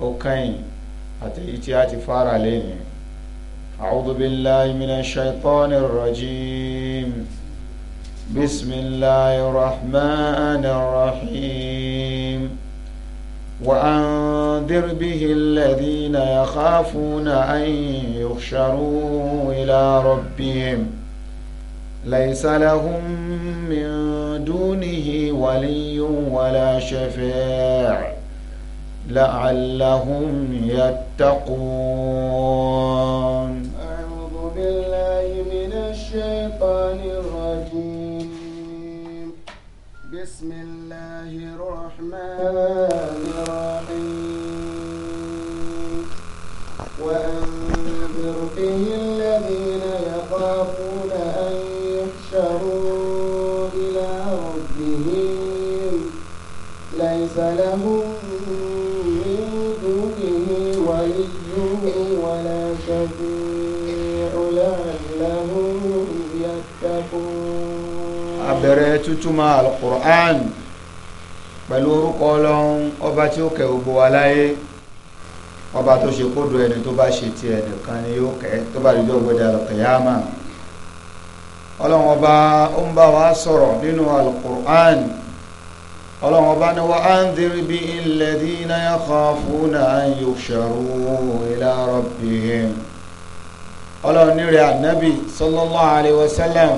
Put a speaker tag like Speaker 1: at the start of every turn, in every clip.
Speaker 1: ó kẹ́yìn àtẹ̀yí فار a أعوذ بالله من الشيطان الرجيم بسم الله الرحمن الرحيم وأنذر به الذين يخافون أن يحشروا إلى ربهم ليس لهم من دونه ولي ولا شفيع لعلهم يتقون أعوذ
Speaker 2: بالله من الشيطان الرجيم بسم الله الرحمن الرحيم وأنذر به
Speaker 1: tútúmọ̀ alukur'an pẹ̀lú orúkọ ọlọ́run ọba tí ó kẹ́ gbogbo wa láyé ọba tó ṣe kódo ẹni tó bá ṣe ti ẹnìkan ni yóò kẹ́ tó bá rí lọ́gbọ́n dà lọ́kẹ̀yàmà ọlọ́run ọba ó ń bá wa sọ̀rọ̀ nínú alukur'an ọlọ́run ọba ni wa andhir bihi alladhina yakhafuna an yuhsharu ila rabbihim ọlọ́run ní rẹ̀ ànábì sallallahu alaihi wasallam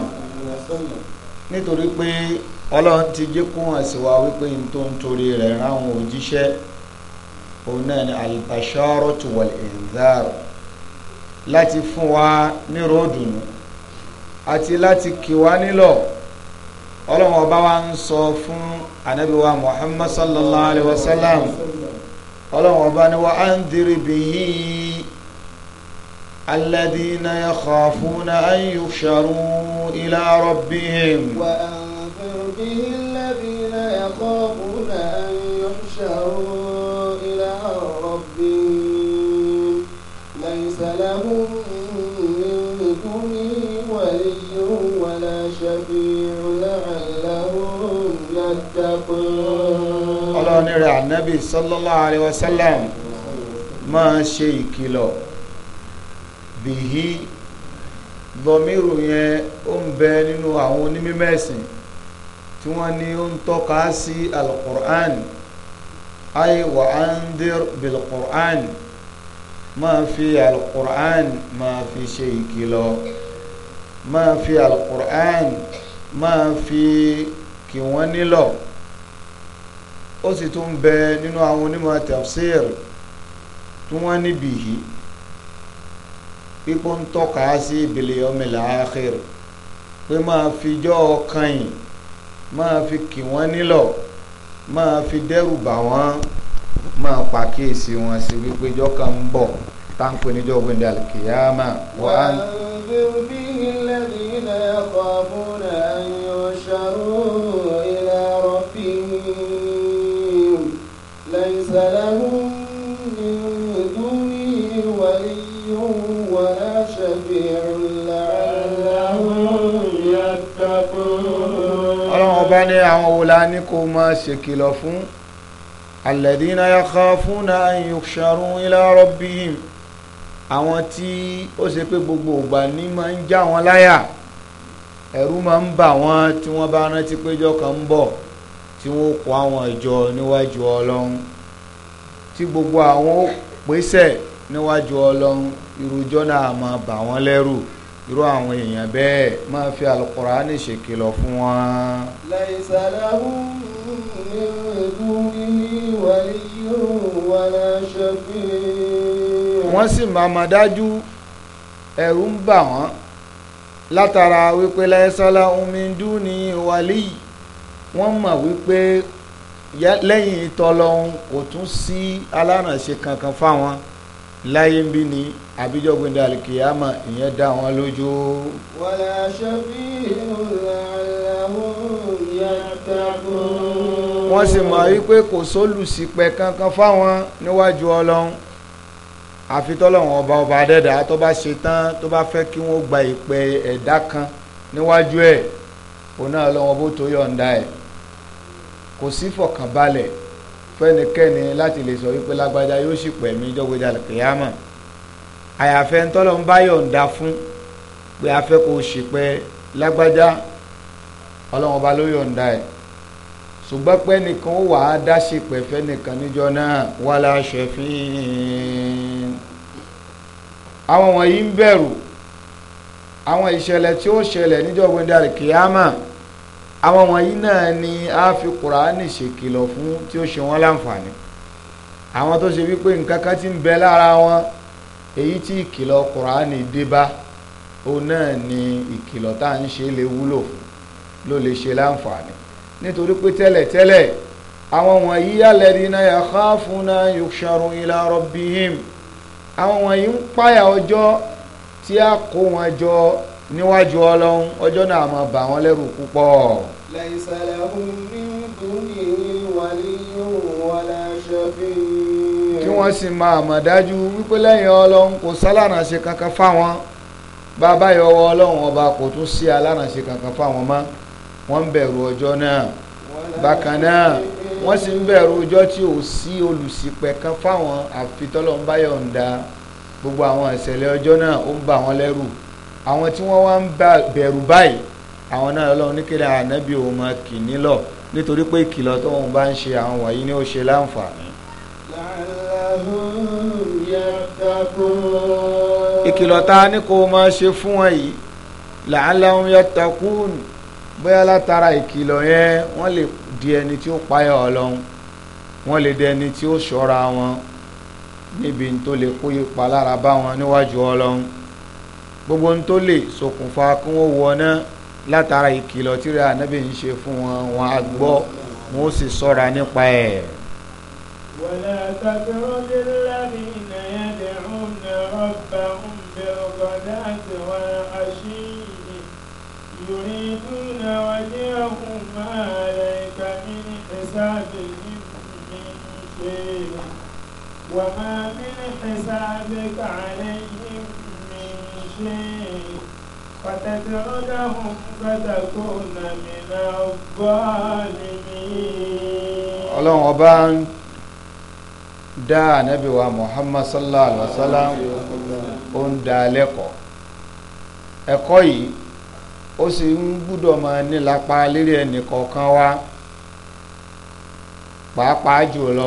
Speaker 1: nítorí pé ọlọ́run ti jí kún àsìwá wípé n tó ń torí rẹ̀ ráwọn òjíṣẹ́ òun náà ni al-basharatu wal-inzar láti fún wa nírò dùnú àti láti kì wá nílọ ọlọ́run ọba wa ń sọ fún anabi muhammad sallallahu alayhi wa sallam ọlọ́run ọba ni wa andhir bihi. الذين يخافون أن يحشروا إلى ربهم وأنذر
Speaker 2: به الذين يخافون أن يحشروا إلى ربهم ليس لهم من دونه ولي ولا شفيع لعلهم يتقون.
Speaker 1: نرى النبي صلى الله عليه وسلم ما شيء كيلو bìhí dọ̀míru yẹn ó ń bẹ nínú àwọn onímẹ̀sìn tí wọ́n ní ó ń tọ́ka sí alukur'an ayé wà á ń dir bilkur'an máa fi alukur'an máa fi ṣe ìkìlọ̀ máa fi alukur'an máa fi kì wọ́n nílọ̀ ó sì tún bẹ nínú àwọn onímọ̀ tafsir tí wọ́n níbi yìí pípọ́ ń tọ́ka sí ìbìlẹ̀ ọmọlẹ̀ àáxírì pé máa fi jọ́ ọkàn yìí máa fi kì wọ́n nílọ̀ máa fi dẹ́rù bà wọ́n máa pàkíyèsí wọn sí wípé jọ́ kan ń bọ̀ táǹpé níjọ́ gbẹ̀ndẹ̀ àlùkìyàmà wọ́n á. wọ́n á ń bẹ̀rù bí ọlọ́wọ́n ní àwọn wo la ní kó máa ṣèkìlọ̀ fún alladhina yakhafuna an yuksharu ila rabbihim àwọn tí ó ṣe pé gbogbo ìgbà ní máa ń já wọn láyà ẹ̀rú máa ń bà wọ́n tí wọ́n bá rántí péjọ kan ń bọ̀ tí wọ́n kó àwọn ìjọ níwájú ọlọ́run tí gbogbo àwọn pèsè níwájú ọlọ́run irú jọ́nà àmọ́ bà wọ́n lẹ́rù irú àwọn èèyàn bẹ́ẹ̀ máa fi alukurani ṣèkìlọ̀ fún wọn. laisa
Speaker 2: lahum min dunihi waliyyun wala shafi'un. wọ́n sì
Speaker 1: máa ma dájú ẹ̀rù ń bà wọ́n látara wípé laisa lahum min dunihi waliy wọ́n mọ̀ wípé lẹ́yìn tọ́lọ́hún kò tún sí alárànṣe kankan fáwọn láyé ń bí ni àbíjọ́ gbẹ̀ndà alìkìyàmà ìyẹn dá wọn lójú.
Speaker 2: wàlá ṣẹ́bí wọ́n sì mọ̀ wípé
Speaker 1: kò sólùsípẹ̀ kankan fáwọn níwájú ọlọ́run àfi tọ́lọ́run ọba ọba adẹ́dà tó bá ṣe tán tó bá fẹ́ kí wọ́n gba ìpẹ́ ẹ̀dá kan níwájú ẹ̀ òun náà lọ́wọ́ bó tó yọ̀ǹda ẹ̀ kò sí fọ̀kànbalẹ̀ fẹ́nikẹ́ni láti lè sọ wípé lágbájá yóò sì pẹ̀mí jọ́gbẹ́jà kìyàmọ̀ àyàfẹ́ ńtọ́lọ́ ń bá yọ̀ǹda fún pé a fẹ́ kó o ṣìpẹ̀ lágbájá ọlọ́run ọba ló yọ̀ǹda ẹ̀ ṣùgbọ́n pé nìkan ó wà á dá ṣìpẹ̀ fẹ́ nìkan níjọ náà wà lá ṣẹ̀fín àwọn wọ̀nyí ń bẹ̀rù àwọn ìṣẹ̀lẹ̀ tí ó ṣẹlẹ̀ níjọ́ gbẹ̀dẹ̀ kìámà àwọn wọ̀nyí náà ni a fi kùránì ṣèkìlọ̀ fún tí ó ṣe wọ́n láǹfààní àwọn tó ṣe wípé nǹkan kan ti ń bẹ lára wọn èyí tí ìkìlọ̀ kùránì dé bá ó náà ni ìkìlọ̀ tá à ń ṣe lè wúlò ló lè ṣe láǹfààní nítorí pé tẹ́lẹ̀tẹ́lẹ̀ àwọn wọ̀nyí alladhina yakhafuna yuksharu ila rabbihim àwọn wọ̀nyí ń páyà ọjọ́ tí a kó wọn jọ níwájú ọlọ́run ọjọ́ náà máa bà wọ́n lẹ́rù púpọ̀.
Speaker 2: laysa lahum min dunihi waliyyun wala shafi'un kí wọ́n
Speaker 1: sì máa mọ̀ dájú wípé lẹ́yìn ọlọ́run kò sálànàṣe kankan fáwọn bàbá yọwọ́ ọlọ́run ọba kò tún sí alánàṣe kankan fáwọn mọ́ wọ́n ń bẹ̀rù ọjọ́ náà bákan náà wọ́n sì ń bẹ̀rù ọjọ́ tí ò sí olùṣìpẹ̀ kan fáwọn àfitọ́lọ́run bá yọ̀ǹda gbogbo àwọn ìṣẹ̀lẹ̀ ọjọ́ náà ó ń bà wọ́n lẹ́rù àwọn tí wọ́n wá ń bẹ̀rù báyìí àwọn náà ọlọ́run ní ànábì òun máa kì nílọ̀ nítorí pé ìkìlọ̀ tóun bá ń ṣe àwọn wọ̀nyí ni ó ṣe láǹfààní ìkìlọ̀ ta ni kò máa ṣe fún wọn yìí la'allahum yattaqun bóyá látara ìkìlọ̀ yẹn wọ́n lè di ẹni tí ó páyà ọlọ́run wọ́n lè di ẹni tí ó ṣọ́ra wọn níbi tó lè kó ipa lára bá wọn níwájú ọlọ́run gbogbo ń tó lè ṣokùnfà kí wọ́n wọná látara ìkìlọ̀ tí rẹ̀ ànábì ń ṣe fún wọn wọn á gbọ́ wọn ó sì ṣọ́ra nípa ẹ̀.
Speaker 3: ولا تطرد الذين يدعون ربهم بالغداة والعشي يريدون وجهه ما عليك من حسابهم من شيء وما من حسابك عليهم من شيء فتطردهم فتكون من الظالمين.
Speaker 1: daa ànábì wa muhammad sallallahu alaihi wa sallam ó ẹkọ dá lẹ́kọ̀ọ́ ẹ̀kọ́ yìí ó sì ń gbúdọ̀ máa nílapa lérí ẹnì kọ̀ọ̀kan wa pàápàá jùlọ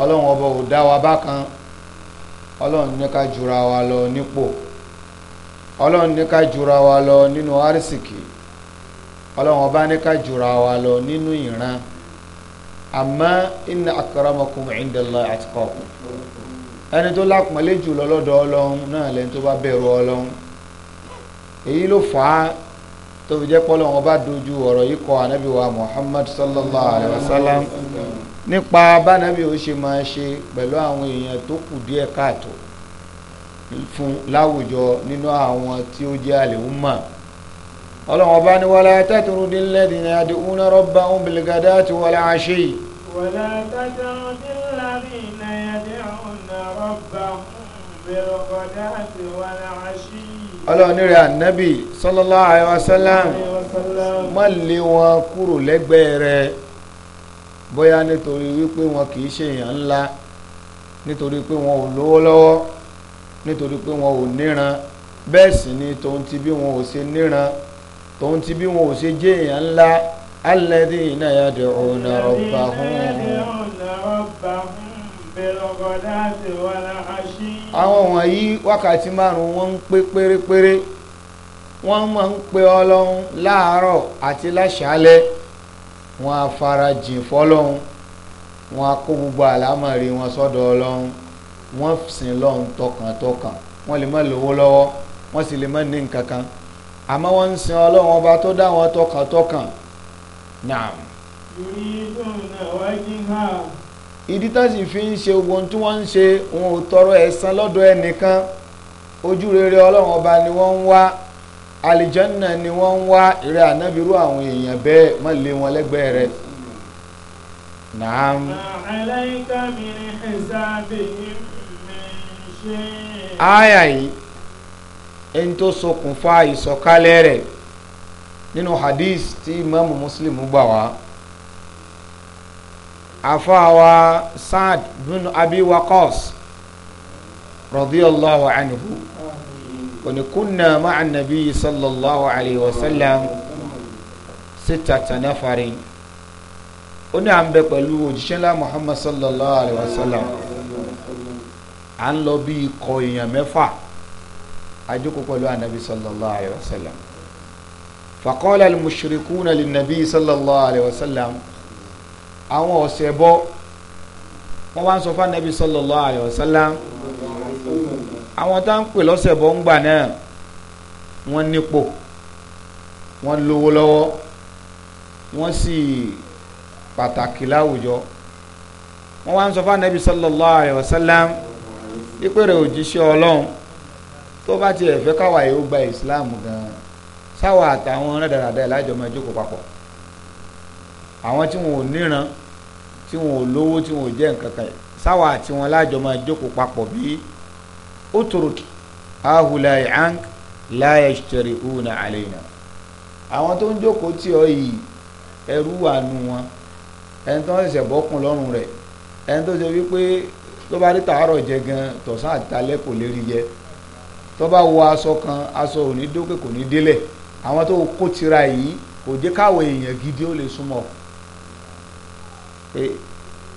Speaker 1: ọlọ́run ọba ò dá wa bákan ọlọ́run ní ká jura wa lọ nípò ọlọ́run ní jura wa lọ nínú arísìkì ọlọ́run ọba jura wa lọ àmọ́ inna akramakum inda Allah atqakum ẹni tó lápọ̀nlé jùlọ lọ́dọ̀ ọlọ́run náà lẹ́ni tó bá bẹ̀rù ọlọ́run èyí ló fà á tó fi jẹ́ pọ́lọ́ wọn bá dojú ọ̀rọ̀ yìí kọ ànábì wa Muhammad sallallahu alayhi wa sallam nípa bánábì ó ṣe máa ṣe pẹ̀lú àwọn èèyàn tó kù díẹ̀ káàtó fún láwùjọ nínú àwọn tí ó jẹ́ àlè ń mọ̀ ọlọ́run ọba ni wala tatrudil ladina yad'una rabbahum bil ghadati wal ashi.
Speaker 3: wala tatrudil ladina yad'una rabbahum bil ghadati wal ashi.
Speaker 1: ọlọ́run rẹ̀ ànábì sallallahu alaihi wasallam má lé wọn kúrò lẹ́gbẹ̀ẹ́ rẹ̀ bóyá nítorí wípé wọn kì í ṣe èèyàn ńlá nítorí pé wọn ò lówó lọ́wọ́ nítorí pé wọn ò níran bẹ́ẹ̀ sì ni tòun ti bí wọn ò ṣe níran tóun ti bí wọn ò ṣe jẹ́ èèyàn ńlá alladhina yad'una rabbahum àwọn wọ̀nyí wákàtí márùn-ún wọ́n ń pé pérépéré wọ́n máa ń pe ọlọ́run láàárọ̀ àti láṣálẹ́ wọ́n á farajìn fọ́lọ́run wọ́n á kó gbogbo rí wọn sọ́dọ̀ ọlọ́run wọ́n sìn lọ́run tọkàntọkàn wọ́n lè má lówó lọ́wọ́ wọ́n sì lè má ní nǹkan kan àmọ́ wọ́n ń sin ọlọ́run ọba tó dá wọn tọkàntọkàn náà.
Speaker 3: lórí ìdúnnà wájú náà.
Speaker 1: ìdí tó sì fi ń ṣe ogun tí wọ́n ń ṣe wọn ò tọrọ ẹ̀san lọ́dọ̀ ẹnìkan ojú rere ọlọ́run ọba ni wọ́n ń wá alìjánná ni wọ́n ń wá ìrẹ́ ànábìrú àwọn èèyàn bẹ́ẹ̀ má lé wọn lẹ́gbẹ̀ẹ́ rẹ̀. Naam.
Speaker 3: Àlàyé kámi ẹ̀sán àbẹ̀yìn mi ṣe. Áyà
Speaker 1: yìí ẹni tó ṣokùnfà ìsọ̀kalẹ̀ rẹ̀ nínú hadith tí imaamu muslim gbà wá afaawa saad bin abi waqas radiyallahu anhu wani kunna ma'a nabi sallallahu alayhi wa sallam sittata nafarin ó ní à ń bẹ pẹ̀lú òjíṣẹ́ ńlá muhammad sallallahu alayhi wa sallam à ń lọ bí ikọ̀ àjókò pẹ̀lú anabi sallallahu alayhi wa sallam faqala al-mushrikuna lin-nabi sallallahu alayhi wa sallam àwọn ọ̀sẹ̀ bọ́ wọ́n wá ń sọ fún anabi sallallahu alayhi wa sallam àwọn tá ń pè lọ́sẹ̀ bọ́ ń gbà náà wọ́n nípò wọ́n lówó lọ́wọ́ wọ́n sì pàtàkì láwùjọ wọ́n wá ń sọ fún anabi sallallahu alayhi wa sallam ìpèrè òjíṣẹ́ ọlọ́run tó bá ti ẹ̀fẹ́ káwa yìí ó gba islam gan-an sáwa àtàwọn rẹ́dàràdà ìlàjọmọ ìjókòó papọ̀ àwọn tí wọn ò níran tí wọn ò lówó tí wọn ò jẹ́ nǹkan kan àti wọn lájọmọ ìjókòó papọ̀ bí ó tòrò kí àwọn tó ń jókòó tí ọ yìí ẹrú wà nù wọn ẹni tó ń ṣẹ̀ṣẹ̀ bọ́kùn tó bá wọ aṣọ kan aṣọ ò ní dókè kò ní délẹ̀ àwọn tó kó tira yìí kò jẹ́ káwọ èèyàn gidi ó lè súnmọ́ eh,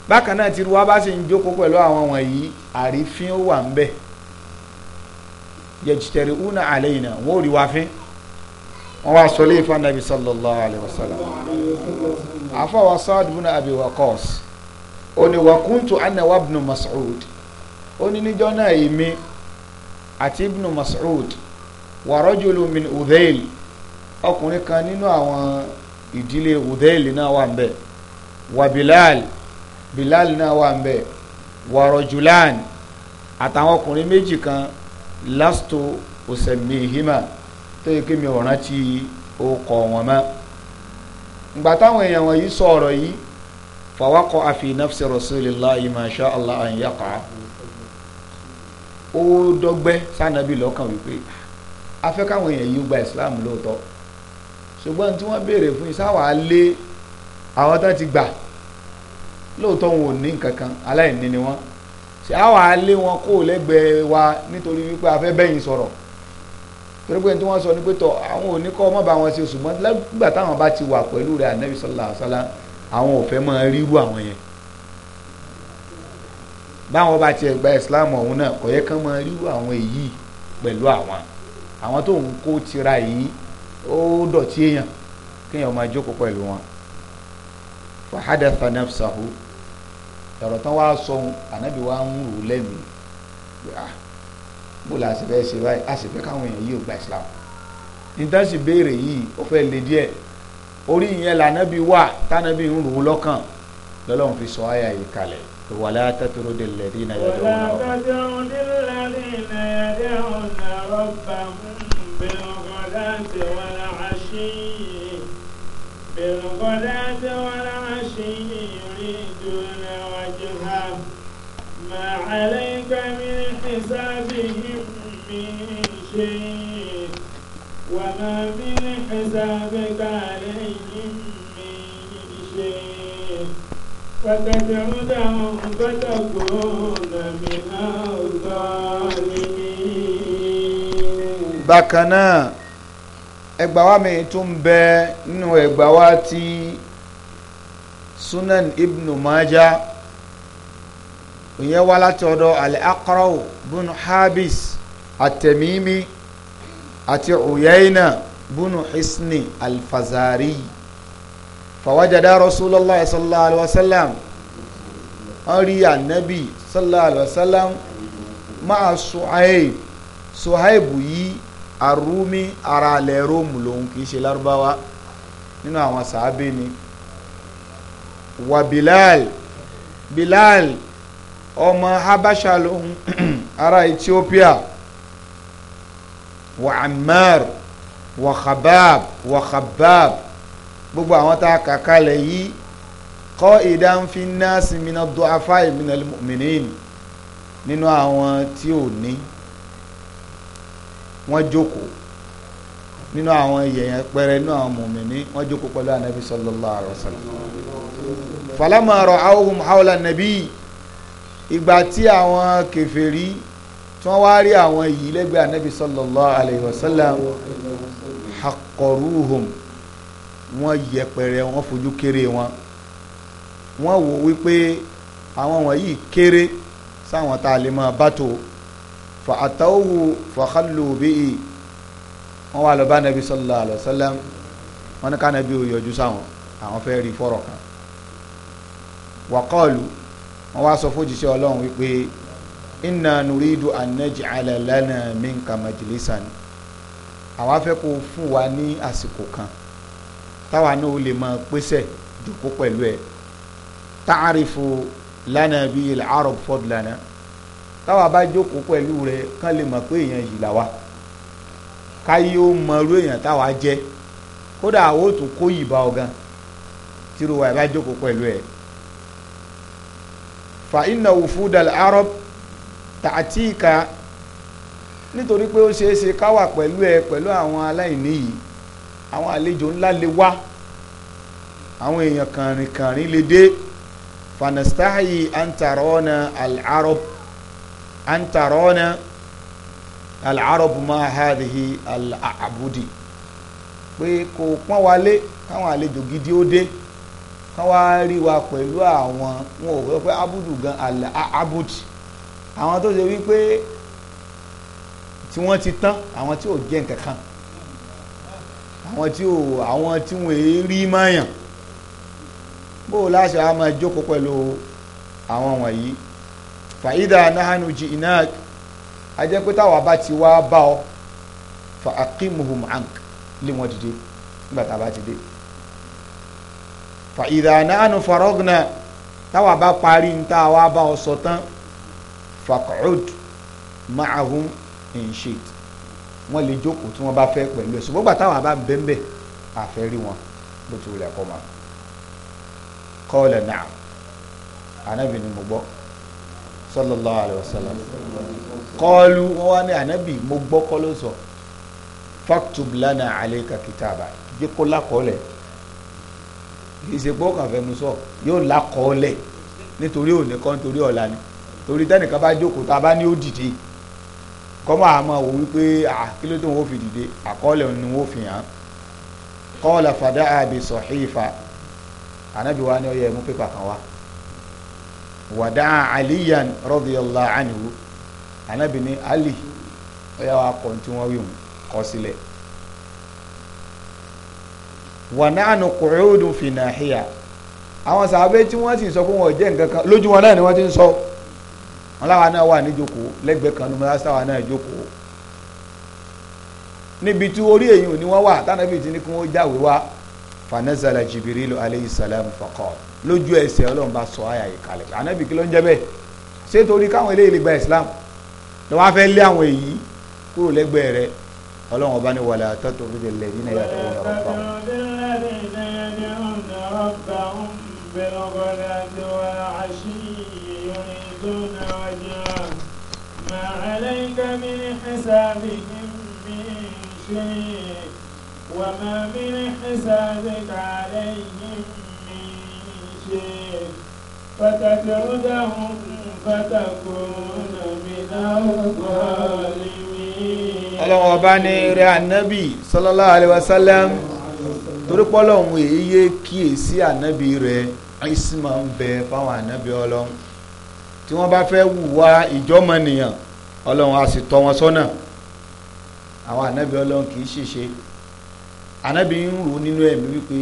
Speaker 1: bákan náà tí wọ́n bá sì ń jókòó pẹ̀lú àwọn wọ̀nyí àrífín ó wà ń bẹ̀ yẹjìtẹ̀rì una àlẹ́yìn náà wọ́n ò rí wa fín wọ́n wá sọ léèfà nàbì sallallahu alayhi wa sallam àfọwọ́ sáàdù bùnà àbí waqas ó ní wàkúntù àná wàbùnù mas'ud ó ní níjọ́ àti ibnu mas'ud wàrọ́jòló min udhail ọkùnrin kan nínú àwọn ìdílé udhail náà wà ń wa bilal bilal náà wà ń bẹ̀ àtàwọn ọkùnrin méjì kan lasto osemihima tó yẹ kí mi ò rántí orúkọ wọn mọ́ ìgbà táwọn èèyàn wọ̀nyí sọ ọ̀rọ̀ yìí fawaqa'a fi nafsi rasulillahi ma sha Allah an yaqa. ó dọ́gbẹ́ sànàbí lọ́kàn wípé a fẹ́ káwọn èèyàn yìí gba islam lóòótọ́ ṣùgbọ́n tí wọ́n béèrè fún isáwà lé àwọn tán ti gbà lóòótọ́ wọn ò ní nǹkan kan aláìní ni wọ́n ṣe àwọn alé wọn kó lẹ́gbẹ̀ẹ́ wa nítorí wípé a fẹ́ bẹ́yìn sọ̀rọ̀ torí pé tí wọ́n sọ ní pé tọ̀ àwọn ò ní kọ́ ọmọ bá wọn ṣe ṣùgbọ́n lẹ́gbà táwọn bá ti wà pẹ̀lú rẹ̀ ànábì sallallahu alaihi wasallam àwọn ò fẹ́ máa ríru àwọn yẹn báwọn bá tiẹ̀ gba islam ọ̀hún náà kò yẹ kán máa ríru àwọn èyí pẹ̀lú àwọn àwọn tó ń kó tira yìí ó dọ̀tí èèyàn kéèyàn máa jókòó pẹ̀lú wọn fahadatha nafsahu ọ̀rọ̀ tán wàá sọ ohun ànábì wàá ń rò lẹ́mìí ah, bó la sì ṣe báyìí a káwọn èèyàn yìí ò gba islam níta sì béèrè yìí ó fẹ́ le díẹ̀ orí ìyẹn lànàbí wà tànàbí ń rò lọ́kàn lọ́lọ́run fi sọ àyà yìí kalẹ̀ ولا تترد الذين يدعون ولا
Speaker 3: تطرد الذين يدعون ربهم بالغداة والعشي بالغداة والعشي يريدون وجهه ما عليك من حسابهم من شيء وما من حسابك عليهم فتدعونهم فتكون
Speaker 1: من الظالمين bákan náà ẹgbà wa mi tún bẹ nínú ẹgbà wa ti sunan ibnu maja ìyẹn wá láti ọ̀dọ̀ al-aqraw bunu habis at àti uyayna bunu hisni al-fazari. al fàwájàdá rasulullah sallallahu alayhi wa sallam wọ́n rí ànábì sallallahu alayhi wa sallam máa suhaib suhaib yìí arúmi ara alẹ́ róòmù lòun kì í ṣe lárúbáwá nínú àwọn sàábé ni wà bilal bilal ọmọ habasha lòun ara ethiopia wà ammar wà khabab wà khabab gbogbo àwọn tá a kà kalẹ̀ yìí kọ́ ìdánfí nọ́ọ̀sì mina dọ́ afá ìmìnà mìíràn nínú àwọn tí ò ní wọ́n jókòó nínú àwọn yẹ̀yẹ̀ pẹrẹ nínú àwọn mùmìnì wọ́n jókòó pẹ̀lú anabi sallallahu alaihi wasallam falama ra'awhum hawla nabi ìgbà tí àwọn kèfèrí tí wọ́n wá rí àwọn yìí lẹ́gbẹ̀ẹ́ anabi sallallahu alaihi wasallam wọ́n yẹpẹrẹ wọ́n fojú kéré wọn wọ́n wò wípé àwọn wọ̀nyí kéré sáwọn tá a lè máa bá tó fa àtàwò fàkàlù bíi wọ́n wà lọ nàbí sallallahu alaihi wasallam ká nàbí ò sáwọn àwọn fẹ́ rí fọ́rọ̀ kan wàkọ́ọ̀lù wọ́n wá sọ fójíṣẹ́ ọlọ́run wípé inna nuridu an naj'ala lana minka majlisan àwa fẹ́ kó fún wa ní àsìkò kan táwa náà ó lè mọ pèsè jòkó pẹ̀lú ẹ̀ ta'arifu lana bíi arab fadlana táwa bá jókòó pẹ̀lú rẹ̀ kán lè mọ̀ pé èèyàn yìí là wá káyé ó mọ irú èèyàn táwa jẹ́ kódà ó tún kó ìbá ọ̀gán tírú wa bá jókòó pẹ̀lú ẹ̀ fa inna wufudal arab ta'atika nítorí pé ó ṣeé káwà pẹ̀lú ẹ pẹ̀lú àwọn aláìní yìí àwọn àlejò ńlá lè wá àwọn èèyàn kàrìnkàrìn lè dé fanastahi antarona al-arab antarona al-arab ma hadhihi al-abudi pé kò pọ́n wálé káwọn àlejò gidi ó dé kán wá rí wa pẹ̀lú àwọn wọn ò fẹ́ pé abudu gan al àwọn tó ṣe wípé tí wọ́n ti tán àwọn tí ò jẹ́ nǹkan kan àwọn tí ò àwọn tí wọn èé rí mọ́yàn bó o láṣẹ a máa jókòó pẹ̀lú àwọn wọ̀nyí fàyídà nahanu jí iná a jẹ́ pé táwa bá ti wá bá ọ fa aqimuhum ank lé wọn dìde nígbà tá a bá ti dé fàyídà nahanu farogna táwa bá parí ní táwa bá ọ sọ tán faqud ma'ahum in shit wọ́n lè jókòó tí wọ́n bá fẹ́ pẹ̀lú ẹ̀ ṣùgbọ́n gbàtà wọn bá ń bẹ́ńbẹ́ àfẹ́ rí wọn bó ti wulẹ̀ kọ́ ma kọ́ọ̀lẹ̀ náà anábì ni mo gbọ́ sallallahu alaihi wasallam kọ́ọ̀lù wọn wá ní anábì mo gbọ́ kọ́ ló sọ faktub lana alayka kitaba jẹ́ kó lákọ́ọ̀lẹ̀ kìí ṣe gbọ́ kàn fẹ́ mu sọ yóò lákọ́ọ̀lẹ̀ nítorí òní kan nítorí ọ̀la ni torí tẹ́nìkan bá jókòó tá a bá ní ó dìde kọ́mọ́ àmọ́ wò wípé kí ló tó wọ́n fi dìde àkọọ́lẹ̀ ni wọ́n fi hàn kọ́ọ̀lá fàdá àbí sọ̀hífà ànábì wa ni ó yẹ mú pépà kan wá wàdá aliyan radiyallahu anhu ànábì ní ali ó yà wá kọ́ tí wọ́n wí hùn kọ́ sílẹ̀ wà nánú qu'udun fi àwọn sàbẹ̀ tí wọ́n sì sọ pé wọ́n jẹ́ nǹkan kan lójú wọn náà ni wọ́n ti ń sọ. So wọn láwa náà wà níjókòó lẹ́gbẹ̀ẹ́ kan ní mọ́sáàsá wa náà joko níbi tí orí èyí ni wọ́n wà tánàbí ti ní kí wọ́n jáwé wá fanazala jibirilu aleyhi salam faqal lójú ẹsẹ̀ ọlọ́run bá sọ àyà yìí kalẹ̀ ànábì kí ló ń jẹ́ bẹ́ẹ̀ ṣé torí káwọn eléyìí lè gba islam ni wọ́n á fẹ́ lé àwọn èyí kúrò lẹ́gbẹ̀ẹ́ rẹ̀ ọlọ́run ọba ní wàlẹ̀ àtọ́tò fídíò lẹ́yìn náà yàtọ̀ wọn ọ̀rọ̀
Speaker 3: fáwọn. ọlọ́run ما عليك من حسابهم من شيء وما من حسابك عليهم من شيء فتتردهم فتكون من الظالمين
Speaker 1: ọlọ́run ọba ní rẹ ànábì sallallahu alaihi wasallam torí pé Ọlọ́run èyí yé kíyèsí ànábì rẹ̀ ìsìn máa ń bẹ fáwọn ànábì ọlọ́run tí wọ́n bá fẹ́ wùwà ìjọ́mọ̀nìyàn ọlọ́run á sì tọ́ wọn sọ́nà àwọn ànábì ọlọ́run kì í ṣèṣe ànábì ń rò nínú ẹ̀mí wípé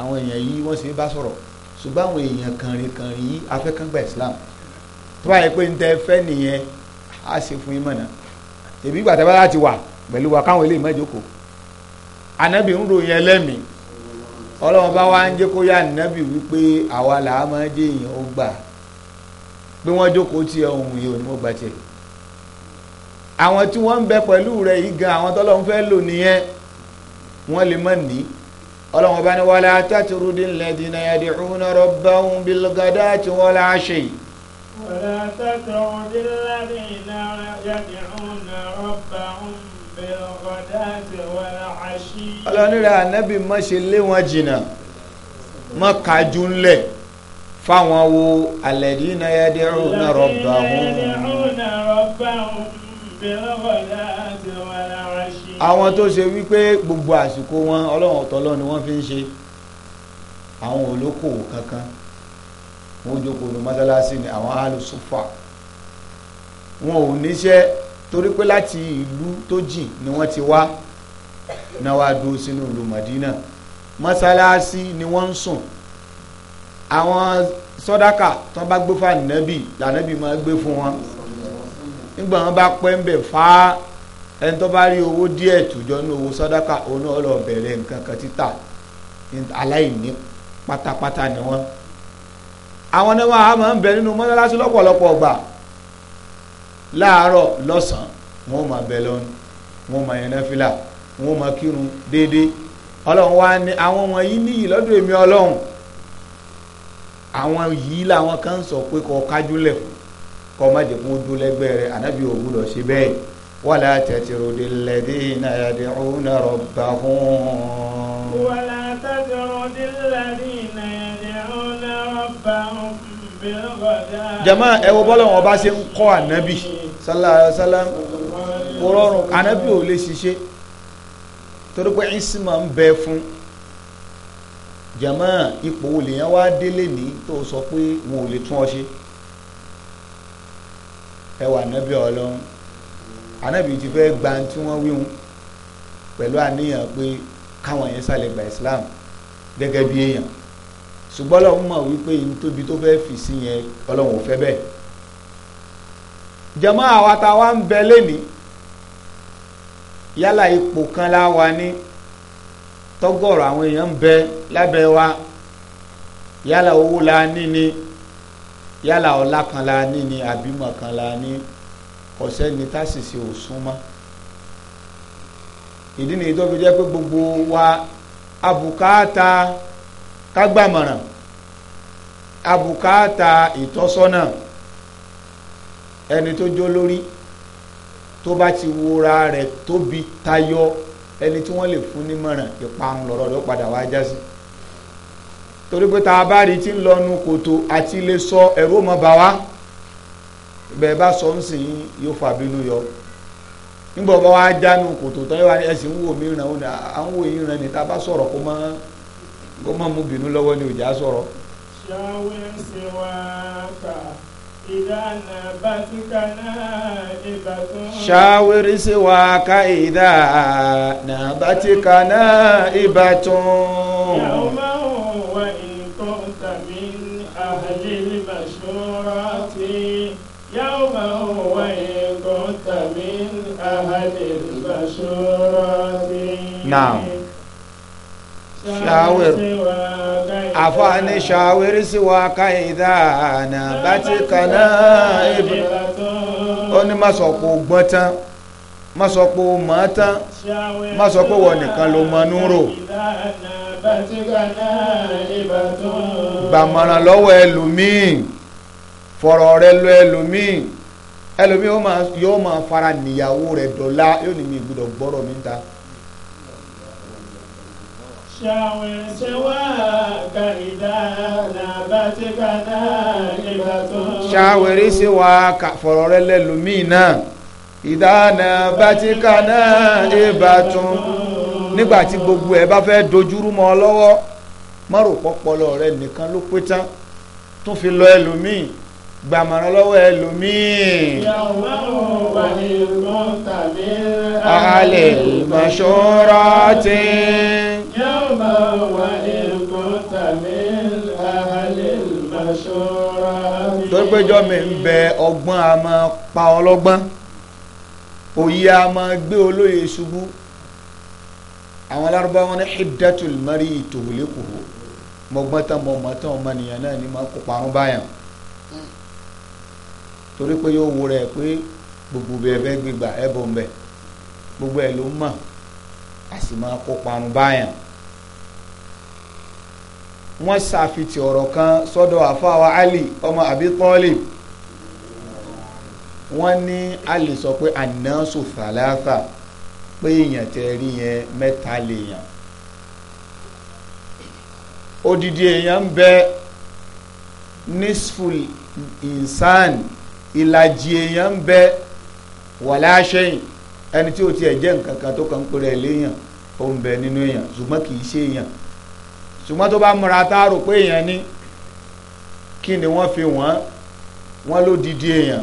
Speaker 1: àwọn èèyàn yìí wọ́n sì bá sọ̀rọ̀ ṣùgbọ́n àwọn èèyàn kànrìnkànrìn yìí afẹ́kàngbà Islam tó bá yẹ pé ń tẹ fẹ́ nìyẹn á ṣe fún yín mọ̀nà èbí ìgbà tẹ́bá láti wà pẹ̀lú wa káwọn eléyìí má jókòó ànábì ń rò yẹn lẹ́mìí ọlọ́run bá wá ń jẹ́ kó yá ànábì wípé àwa làá máa jẹ́ èèyàn ó gbà pé wọ́n jókòó tiẹ̀ ohun yìí ò ní wọ́n gba tiẹ̀ àwọn tí wọ́n ń bẹ pẹ̀lú rẹ̀ yìí gan àwọn tọ́lọ́run fẹ́ lò nìyẹn wọ́n lè mọ̀ ní ọlọ́run bá ní wala tatrudil ladina yad'una rabbahum bil ghadati wal ashi.
Speaker 3: wala tatrudil ladina yad'una rabbahum bil ghadati wal
Speaker 1: ọlọ́run rẹ̀ ànábì má ṣe lé wọn jìnnà má kájú ńlẹ̀ fáwọn wo alladhina yad'una rabbahum àwọn tó ṣe wípé gbogbo àsìkò wọn ọlọ́run ọ̀tọ̀ọ̀lọ́ ni wọ́n fi ń ṣe àwọn olókòwò kankan wọ́n jókòó ní mọ́sálásí ni àwọn alùsùfà wọn ò níṣẹ́ torí pé láti ìlú tó jìn ni wọ́n ti wá náà wá sínú ìlú Madina mọ́sálásí ni wọ́n ń sùn àwọn sọdáka tó bá gbé fún ànábì lànábì máa gbé fún wọn nígbà wọn bá pẹ́ ń bẹ̀ fá ẹni tó bá rí owó díẹ̀ tùjọ́ ní owó sọdáka òun náà lọ bẹ̀rẹ̀ nǹkan kan títà aláìní pátápátá ni wọn àwọn náà wọn a máa ń bẹ nínú mọ́sálásí lọ́pọ̀lọpọ̀ ọgbà láàárọ̀ lọ́sàn-án wọn máa bẹ lọ́nu wọn máa yẹn náfìlà wọn máa kírun déédéé ọlọ́run wa ni àwọn wọ̀nyí níyì lọ́dọ̀ èmi àwọn yìí làwọn kan sọ pé kọ kájúlẹ̀ kọ má jẹ́ kó dó lẹ́gbẹ́ rẹ̀ ànábì ò gbúdọ̀ ṣe bẹ́ẹ̀ wala tatrudu alladhina yad'una rabbahum.
Speaker 3: wala tatrudu alladhina yad'una rabbahum bilghadati. jama ẹ wo
Speaker 1: bọ́lá wọn bá ṣe ń kọ́ ànábì sallallahu alaihi ànábì ò lè ṣiṣẹ́ torí pé ìsìn máa ń bẹ fún un jàmọ́ ipò wo lèèyàn wá délé ní tó sọ pé wọn ò lè tún ọ ṣe ẹ wà nábì ọlọ́run anábì ti fẹ́ gba tí wọ́n wíhun pẹ̀lú àníyàn pé káwọn yẹn sálẹ̀ gba Islam gẹ́gẹ́ bí èèyàn ṣùgbọ́n ọlọ́run mọ̀ wípé ìlú tóbi tó fẹ́ fi sí yẹn ọlọ́run ò fẹ́ bẹ́ẹ̀ jàmọ́ àwa tá a ń bẹ lẹ́nìí yálà ipò kan la wà ní tọ́gọ́rọ̀ àwọn èèyàn ń bẹ lábẹ́ wa yálà owó la ní ni yálà ọlá kan la ní ni àbímọ kan la ní ọ̀sẹ́ni tásìsì ò súnmọ́ ìdí nìyí tó fi jẹ́ pé gbogbo wa abùkátà kágbàmọ̀ràn abùkátà ìtọ́sọ́nà ẹni tó jó lórí tó bá ti wora rẹ̀ tóbi tayọ ẹni tí wọ́n lè fún nímọ̀ràn ìparun lọ́rọ̀ rẹ̀ padà wá já sí torí pé bá rí tí ń lọnu kòtò àti lè sọ ẹ̀rú ọmọ bá wa bẹ́ẹ̀ bá sọ ń sìn yóò fà bínú yọ nígbà bá wa jánu kòtò tán yóò bá sọ̀rọ̀ kó kó mú bínú lọ́wọ́ sọ̀rọ̀.
Speaker 3: ń إذا نابتك نائبة شاور
Speaker 1: سواك إذا نابتك نائبة يوما
Speaker 3: وإن كنت من أهل المشورة يوما وإن كنت من أهل المشورة نعم شاور سواك àfààní ṣàwérí
Speaker 1: sí wa káyìdá àná bá ti kàná ibi ó ní má sọ pé o gbọ́n tán má sọ pé o mọ̀ tán
Speaker 3: má sọ nìkan ló mọ núrò gbàmọ̀ràn
Speaker 1: lọ́wọ́ ẹlòmíì fọ̀rọ̀ rẹ lọ ẹlòmíì ẹlòmíì yóò máa fara níyàwó rẹ̀ dọ̀la yóò ní mi gbọ́dọ̀ gbọ́rọ̀ mi ta.
Speaker 3: شاور سواك إذا نابتك نائبة شاور
Speaker 1: سواك fọ̀rọ̀ rẹ lẹ́lòmíì náà ìdáná bàtíkà náà ìbátan nígbà tí gbogbo ẹ bá fẹ́ dojúrú mọ́ ọ lọ́wọ́ mọ́rò pọ́pọ́lọ rẹ nìkan ló pé tán tún fi lọ ẹlòmíì gbàmọ̀ràn lọ́wọ́ ẹlòmíì.
Speaker 3: àhálẹ̀ ìmọ̀ṣọ́ra tí. يوما وإن كنت من أهل المشورة torí pé jọ́
Speaker 1: mi ń bẹ ọgbọ́n a máa pa ọlọ́gbọ́n òye a máa gbé olóye ṣubú àwọn alárúbá wọn ní hiddatul mari tuhlikuhu mọ̀gbọ́n tán mọ̀mọ́ tán ọmọnìyàn náà ni máa kó parun báyàn torí pé yóò wo rẹ̀ pé gbogbo bẹ́ẹ̀ bẹ́ẹ̀ gbégbà ẹ̀ bọ̀ ń bẹ̀ gbogbo ẹ̀ ló mọ̀ a máa kó parun báyàn wọ́n ṣàfitì ọ̀rọ̀ kan sọ́dọ̀ àfáwà Ali ọmọ Abi Talib wọ́n ní a lè sọ pé ànáṣù fàlàfà pé èèyàn tẹ yẹn mẹ́ta lèèyàn odidi èèyàn ń bẹ nisful insan ìlàjì èèyàn ń bẹ wàláṣẹ́yìn ẹni tí ó tiẹ̀ jẹ́ nǹkan kan tó kàn ń pèrè léèyàn ó ń bẹ nínú èèyàn ṣùgbọ́n kì í ṣe èèyàn ṣùgbọ́n tó bá múra tá a rò pé èèyàn ní kí ni wọ́n fi wọ́n wọ́n ló didi èèyàn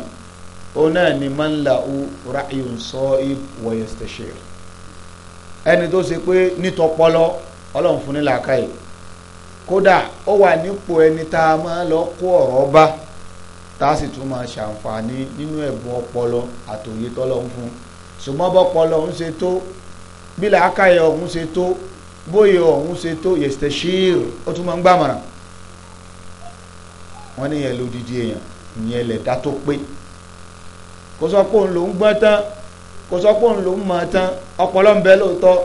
Speaker 1: òun náà ni man lahu ra'yun sa'ib wa yastashir ẹni tó ṣe pé nítọpọlọ ọlọ́run fún ní làákàyè kódà ó wà nípò ẹni tá a máa lọ kó ọ̀rọ̀ bá tá a sì tún máa ṣàǹfààní nínú ẹ̀bùn ọpọlọ àtòyé tọ́lọ́run fún ṣùgbọ́n bọ́pọlọ ń ṣe tó bí làákàyè ọ̀hún ṣe tó bóyá ọ̀hún ṣe tó yẹ̀stẹ̀ṣíìr ó tún máa ń gbàmọ̀ràn wọ́n ní yẹn lódìdí èèyàn ìyẹn lẹ̀dá tó pé kò sọ pé òun ló ń gbọ́n tán kò sọ pé òun ló ń mọ̀ tán ọpọlọ ń bẹ lóòótọ́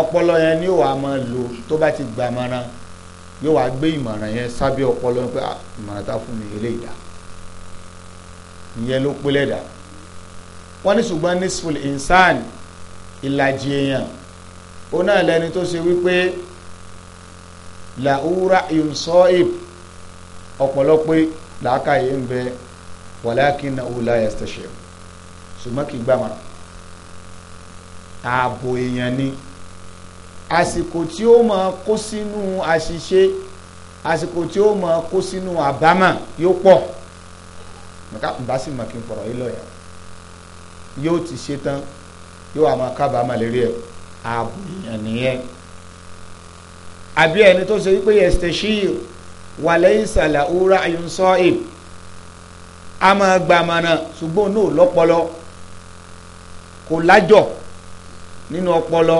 Speaker 1: ọpọlọ yẹn ni yóò wá máa lò tó bá ti gbàmọ̀ràn yóò wá gbé ìmọ̀ràn yẹn sábẹ́ ọpọlọ pé ah, ìmọ̀ràn tá fún mi eléyìí dá ìyẹn ló pé lẹ́dà wọ́n ní ṣùgbọ́n nisful insan ìlàjì èèyàn ó náà lẹni tó ṣe wípé làúrà ìmsọ́ìb ọ̀pọ̀lọpọ̀ làákàyè ń bẹ wàlákin náà ó láyà ṣẹṣẹ ṣùgbọ́n kì í gbàmà ààbò èèyàn ni àsìkò tí ó máa kó sínú àṣìṣe àsìkò tí ó máa kó sínú àbámà yóò pọ̀ bá sì mọ̀ kí n pọ̀rọ̀ yìí lọ́yà yóò ti ṣe tán yóò àmọ́ kábàámà lérí ẹ̀ ààbò èèyàn nìyẹn àbí ẹni tó ṣe wípé yẹstẹṣír wà lẹ́yìn ìsàlẹ̀ òwúrọ̀ àyùnsọ́ èb a máa gbàmọ̀nà ṣùgbọ́n náà lọ́pọlọ kò lájọ nínú ọpọlọ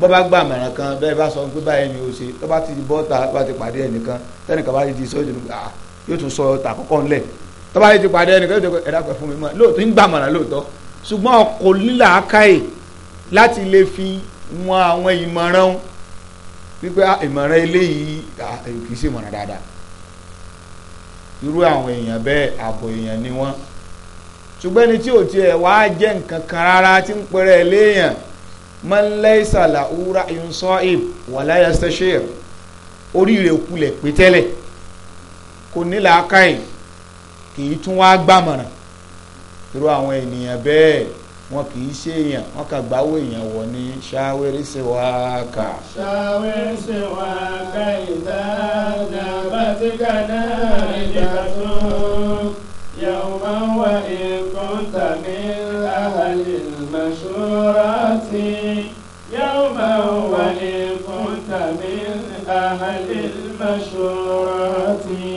Speaker 1: bọ́ bá gba àmọ̀ràn kan bẹ́ẹ̀ bá sọ pé báyìí ni o ṣe tó bá ti di bọ́ta tó bá ti pàdé ẹnìkan tẹ́nìkan bá ti di sọ́jọ́ nígbà ah, yóò tún sọ ọ̀tà àkọ́kọ́ ńlẹ̀ tó bá ti pàdé ẹnìkan yóò tún ẹ̀dá pẹ̀ fún mi mọ́ lóòótọ́ ń gbàmọ̀ràn lóòótọ́ ṣùgbọ́n ọkọ̀ lílà ákáyè láti lè fi wọn àwọn ìmọ̀ràn wípé ah, ìmọ̀ràn eléyìí ah, kì í ṣe ìmọ̀ràn dáadáa irú àwọn èèyàn bẹ́ẹ̀ àbọ̀ èèyàn ni wọ́n ṣùgbọ́n ẹni tí ò tiẹ̀ wá jẹ́ nǹkan kan rárá tí ń pẹ́rẹ́ léèyàn man laysa lahu ra'yun sa'ib wala yastashir oríire kulẹ̀ pé tẹ́lẹ̀ kò ní làákàyè kì í tún wá gbàmọ̀ràn irú àwọn ènìyàn bẹ́ẹ̀ wọn kì í ṣe èèyàn wọn kà gbáwó èèyàn wọ ní ṣáwérí sí wáàkà.
Speaker 3: ṣáwérí sí wáàkà ìdá nàbà tí kàdá ìdá tó yàwó máa ń wà nǹkan tàbí àhàlì màṣúra tí yàwó máa wà nǹkan tàbí àhàlì màṣúra tí.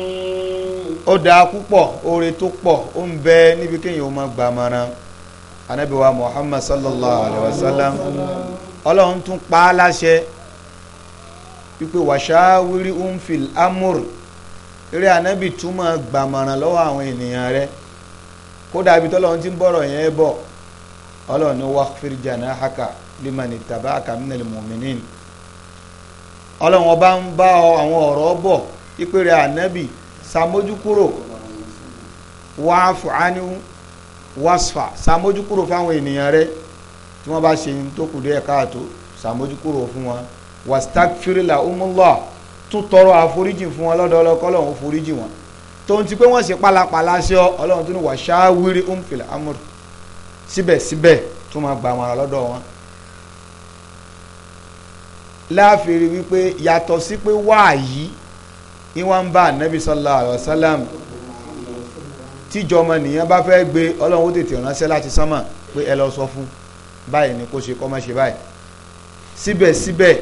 Speaker 1: ó dáa púpọ̀ oore tó pọ̀ ó ń bẹ níbi kéèyàn ó máa gbàmọ̀ràn anabi wa muhammad sallallahu alayhi wa sallam ọlọ́run tún pa á láṣẹ wípé wàṣáwírí umfil amur eré anabi túmọ̀ gbàmọ̀ràn lọ́wọ́ àwọn ènìyàn rẹ kódà ibi tọ́lọ́run ti ń bọ̀rọ̀ yẹn bọ̀ ọlọ́run ní waqfir janahaka limani tabaka minal mu'minin ọlọ́run ọba ń bá àwọn ọ̀rọ̀ bọ̀ ìpèrè anabi ṣàmójúkúrò wàá fùánú wasfa sàmójúkúrò fáwọn ènìyàn rẹ tí wọ́n bá ṣe ní tó kù díẹ̀ káàtó sàmójúkúrò fún wọn wastagfirila umullah tún tọrọ àforíjì fún wọn lọ́dọ̀ ọlọ́kọ́lọ́ òun foríjì wọn tó ń ti pé wọ́n ṣe pálapàla sí ọ ọlọ́run tó ní wàṣáwírí umfil amúr síbẹ̀síbẹ̀ tó máa gbà wọn lọ́dọ̀ wọn láàfin wípé yàtọ̀ sí pé wáàyí ni wọ́n ń bá anabi sallallahu alayhi wa sallam tíjọmọ nìyẹn bá fẹ́ gbé ọlọ́run ó tètè ránṣẹ́ láti sánmà pé ẹ sọ fún báyìí ni kò ṣe kọ́ ṣe báyìí síbẹ̀síbẹ̀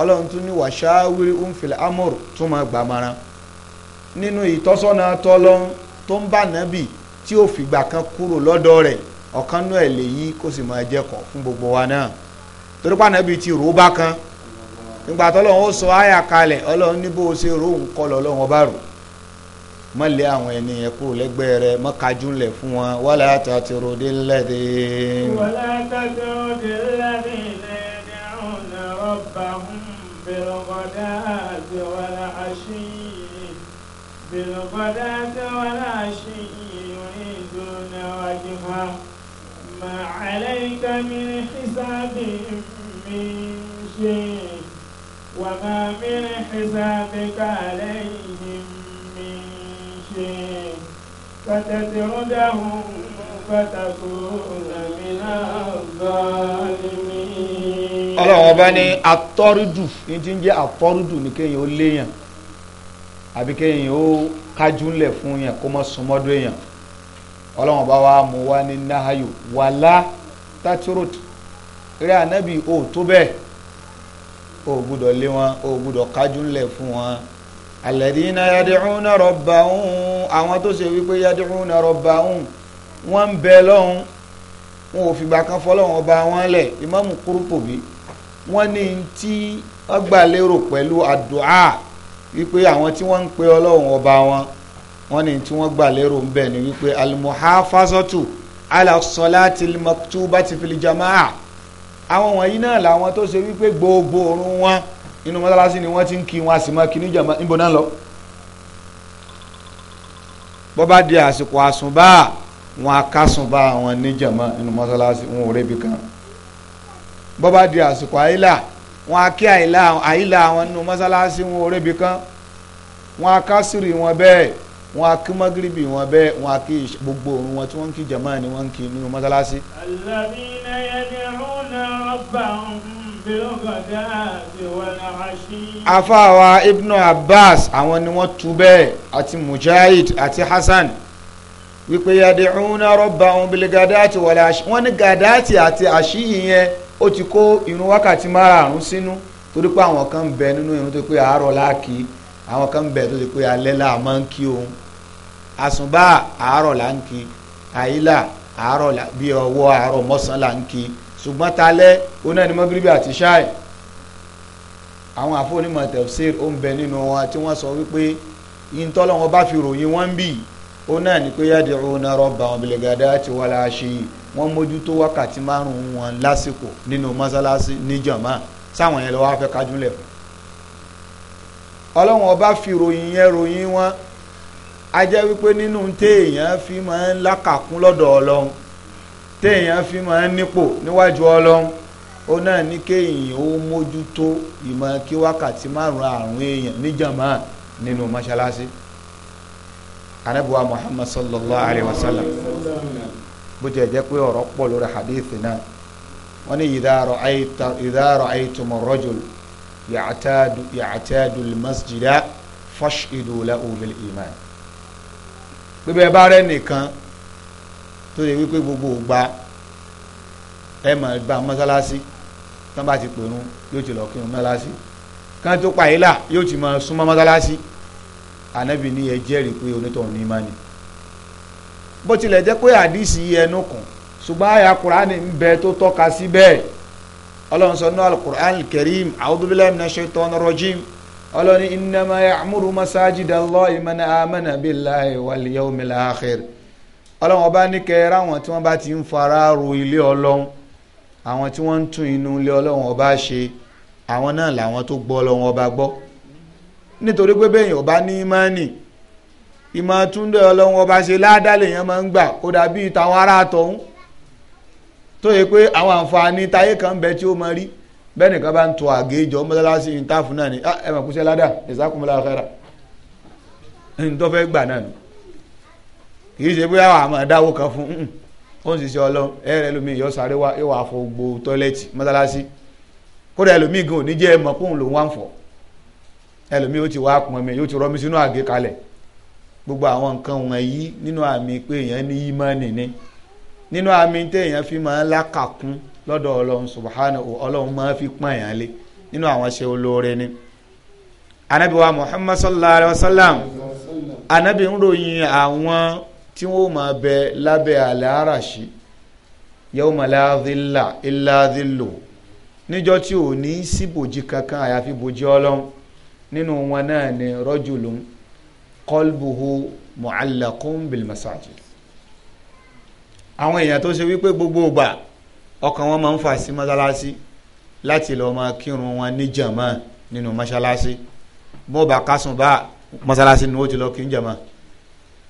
Speaker 1: ọlọ́run tún ní wàṣáwírí tún máa gbà mara nínú ìtọ́sọ́nà tó ń bá nábì tí fìgbà fún gbogbo wa náà nábì ti rò ó bá kan tọ́lọ́run ó sọ má lé àwọn ènìyàn kúrò lẹ́gbẹ́ rẹ má kájú lẹ̀ fún wọn wala tàtìrò dé lẹ́dí. wala
Speaker 3: tàtìrò dé lẹ́dí lẹ́dí ọ̀nà rọ́bà بالغداة والعشي بالغداة والعشي يريدون وجهه ما عليك من حسابهم من شيء وما من حسابك عليهم شيء فتطردهم فتكون من الظالمين ọlọ́run ọba ní
Speaker 1: atọ́rùdù ní ti ń jẹ́ ní kéèyàn ó léèyàn àbí kéèyàn ó kájú ńlẹ̀ fún yàn kó èèyàn ọba wa mú wa ní nahayo wàlá tátíròtù eré anabi ò tó bẹ́ẹ̀ ò lé wọn ò gbúdọ̀ kájú fún wọn. alladhina yad'una rabbahum àwọn tó ṣe wípé yad'una rabbahum wọ́n ń bẹ lọ́hún wọn ò fìgbà kan fọlọ́hún ọba wọn lẹ̀ Imam Qurtubi wọ́n ní tí ọgbà lérò pẹ̀lú àdúà wípé àwọn tí wọ́n ń pe ọlọ́hún ọba wọn wọ́n ní tí wọ́n gbà lérò ń bẹ ni wípé al-muhafazatu ala salati al-maktubati fil jama'a àwọn wọ̀nyí náà làwọn tó ṣe wípé gbogbo òórùn wọn inú mọ́sálásí ni wọ́n ti ń kí wọn àsìmọ́ kíní jẹ̀mọ́ níbo náà lọ. bọ́ bá di àsìkò àsùnbà wọn akásùnbà wọn ní jẹ̀mọ́ inú mọ́sálásí wọn ò rébi kan. bọ́ bá di àsìkò àyílà wọn akí àyílà àyílà wọn nínú mọ́sálásí wọn ò rébi kan. wọn akásìrì wọn bẹ́ẹ̀ wọn a kí magiribi wọn bẹ wọn a kí gbogbo òun wọn tí wọn ń kí jama ni wọn ń kí nínú mọ́sálásí
Speaker 3: afáwa
Speaker 1: ibnu abbas àwọn ni wọ́n tu bẹ́ẹ̀ àti mujahid àti hasan wípé yad'una rabbahum bil gadati wal ashi wọ́n ní gàdáàtì àti àṣìyí yẹn ó ti kó irun wákàtí márààrún sínú torí pé àwọn kan ń bẹ nínú irun tó pé àárọ̀ láàkì àwọn kan bẹ tó ti pé alẹ́ là máa ń kí òun àsùnbà àárọ̀ là àyílà àárọ̀ bí ọwọ́ àárọ̀ mọ́sán là ṣùgbọ́n talẹ́ oní ẹni mọ́gíríbì àti ṣáì àwọn àfọ́nímọ̀ tafsir ó ń bẹ nínú wọn tí wọ́n sọ wípé yín tọ́lọ́ wọn bá fi ròyìn wọn bì ó náà ní pé yad'una rabbahum bil ghadati wal ashi wọ́n mójútó wákàtí márùn-ún wọn lásìkò nínú mọ́sálásí níjàmá sáwọn yẹn lọ́wọ́ afẹ́ kájúlẹ̀ fún ọlọ́wọ́n ọba fi ròyìn yẹn ròyìn wọn a wípé nínú téèyàn fi máa ń lákàkún lọ́dọ̀ ọlọ́run téèyàn fi máa ń nípò níwájú ọlọ́run ó náà ní kéèyàn ó mójútó ìmọ̀ kí wákàtí márùn-ún àrùn èèyàn níjàmá nínú mọ́ṣáláṣí anábùwà muhammad sallallahu alayhi wa sallam bó jẹ́ jẹ́ pé ọ̀rọ̀ pọ̀ lórí hadithi náà wọ́n ní idha ra'aytum ar-rajul ya'tadu ya'tadu al-masjida fash'idu bá rẹ́ nìkan tó lè wípé gbogbo ògbà ẹ mọ̀ gba mọ́sálásí tán bá ti pèrún yóò ti lọ kírun mọ́sálásí kán tó pa ìlà yóò ti máa súnmọ́ mọ́sálásí ànábì ní ẹ jẹ́rìí pé onítọ̀hún ní ìmánì bó tilẹ̀ jẹ́ pé àdìsí ẹnu kùn ṣùgbọ́n àyà kùránì ń bẹ tó tọ́ka sí bẹ́ẹ̀ ọlọ́run sọ náà alukur'an kẹrìm a'udhu billahi minash shaitonir rajim ọlọ́run innama ya'muru masajidallah man amana billahi wal yawmil akhir ọlọ́run ọba ní kẹrẹ àwọn tí wọ́n bá ti ń fara ro ilé ọlọ́run àwọn tí wọ́n ń tún inú ilé ọlọ́run ọba ṣe àwọn náà làwọn tó gbọ́ ọlọ́run ọba gbọ́ nítorí pé bẹ́ẹ̀ yẹn ọba ní ìmánì ìmọ̀ túndé ọlọ́run ọba ṣe ládàlẹ̀ yẹn máa ń gbà ó dàbí tàwọn ará tọ̀hún tó yẹ pé àwọn àǹfààní táyé kan bẹ tí ó máa rí bẹ́ẹ̀ nìkan bá ń tọ àgéjọ mọ́tàlásí ìtàfù náà ni ah, ẹ mọ̀ kúṣẹ́ ládà ìsákùnmọ́lá fẹ́ra ẹni tó fẹ́ gbà náà nù kì í ṣe bóyá àmọ́ ẹ̀dáwó kan fún un ó ń ṣiṣẹ́ ọlọ́run ẹ̀rẹ́ lómi yọ sáré wá yóò fọ tọ́lẹ́tì mọ́sálásí kódà ẹlòmíì gan òní jẹ́ ẹ̀mọ́ pòun lòún wá ń ti wá mi yóò ti rọmi sínú àgé kalẹ̀ gbogbo àwọn nǹkan wọ̀nyí nínú àmì pé èèyàn ní ímánì ni nínú àmì fi máa ń lákàkún lọ́dọ̀ ọlọ́run subahana ọlọ́run máa fi pọ́n èèyàn lé nínú àwọn ni sallallahu alayhi tí wọ́n máa bẹ lábẹ́ àlàáràṣí yawma la dhilla illa dhillu níjọ́ tí ò ní sí bòjì kankan àyàfi bòjì ọlọ́run nínú wọn náà ni rajulun qalbuhu mu'allaqun bil masajid àwọn èèyàn tó ṣe wípé gbogbo ìgbà ọkàn wọn máa ń fà sí mọ́sálásí láti lọ́ọ́ máa kírun wọn ní nínú mọ́sálásí bó kásùn bá mọ́sálásí ni ó ti lọ kí jàmá.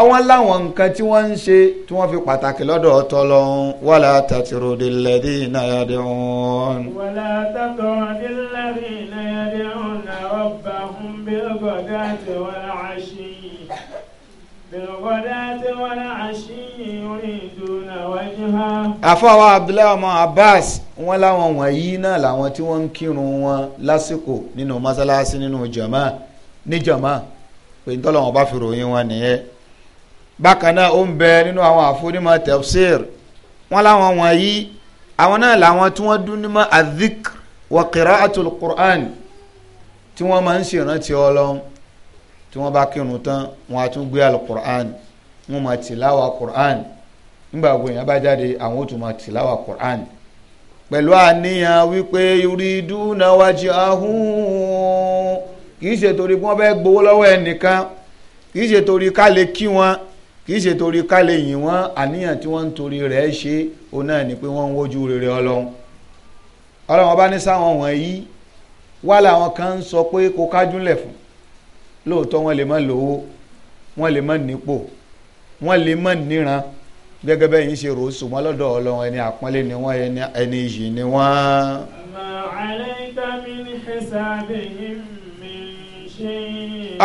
Speaker 1: àwọn láwọn nǹkan tí wọ́n ń ṣe tí wọ́n fi pàtàkì lọ́dọ̀ ọ̀tọ̀ lọ́hún wàlá tàtìrò délẹ́dì náírà dẹ̀hún.
Speaker 3: wàlá tàtìrò délẹ́dì náírà dẹ̀hún náà ọba fún bílgọ̀dá tí wọ́n àṣì bílgọ̀dá tí àṣì
Speaker 1: àfọwọ́ abdullahi ọmọ abbas wọn láwọn wọ̀nyí náà làwọn tí wọ́n ń kírun wọn lásìkò nínú mọ́sálásí nínú jàmá ní jàmá pé ntọ́lọ́wọ́n bá fi ròyìn wọn nìyẹn bákan náà ó ń bẹ nínú àwọn àfonímọ̀ tafsir wọn láwọn wọ̀nyí àwọn náà làwọn tí wọ́n dún nímọ̀ adhikr wa qira'atul qur'an tí wọ́n máa ń ṣèrántí ọlọ́run tí wọ́n bá kírun tán wọ́n á tún gbé alukur'an wọ́n máa tìláwà kur'an nígbà gbogbo èèyàn bá jáde àwọn ò tún máa tìláwà kur'an pẹ̀lú àníyàn wípé yuriduna wajhahu kì í ṣe torí wọ́n fẹ́ gbowó lọ́wọ́ ẹnìkan kì í ṣe torí ká lè kí wọn kì í ṣe torí kálẹ̀ yìí wọ́n àníyàn tí wọ́n ń torí rẹ̀ ṣe òun náà ni pé wọ́n ń wojú rere ọlọ́run ọlọ́run ọba ní sáwọn wọ̀n yìí wá làwọn kan ń sọ pé kó kájúlẹ̀ fún lóòótọ́ wọ́n lè má lówó wọ́n lè má nípò wọ́n lè má níran gẹ́gẹ́ bẹ́ẹ̀ yìí ṣe rò ó sùnmọ́ lọ́dọ̀ ọlọ́run ẹni àpọ́nlé ni wọ́n ẹni iyì ni wọ́n.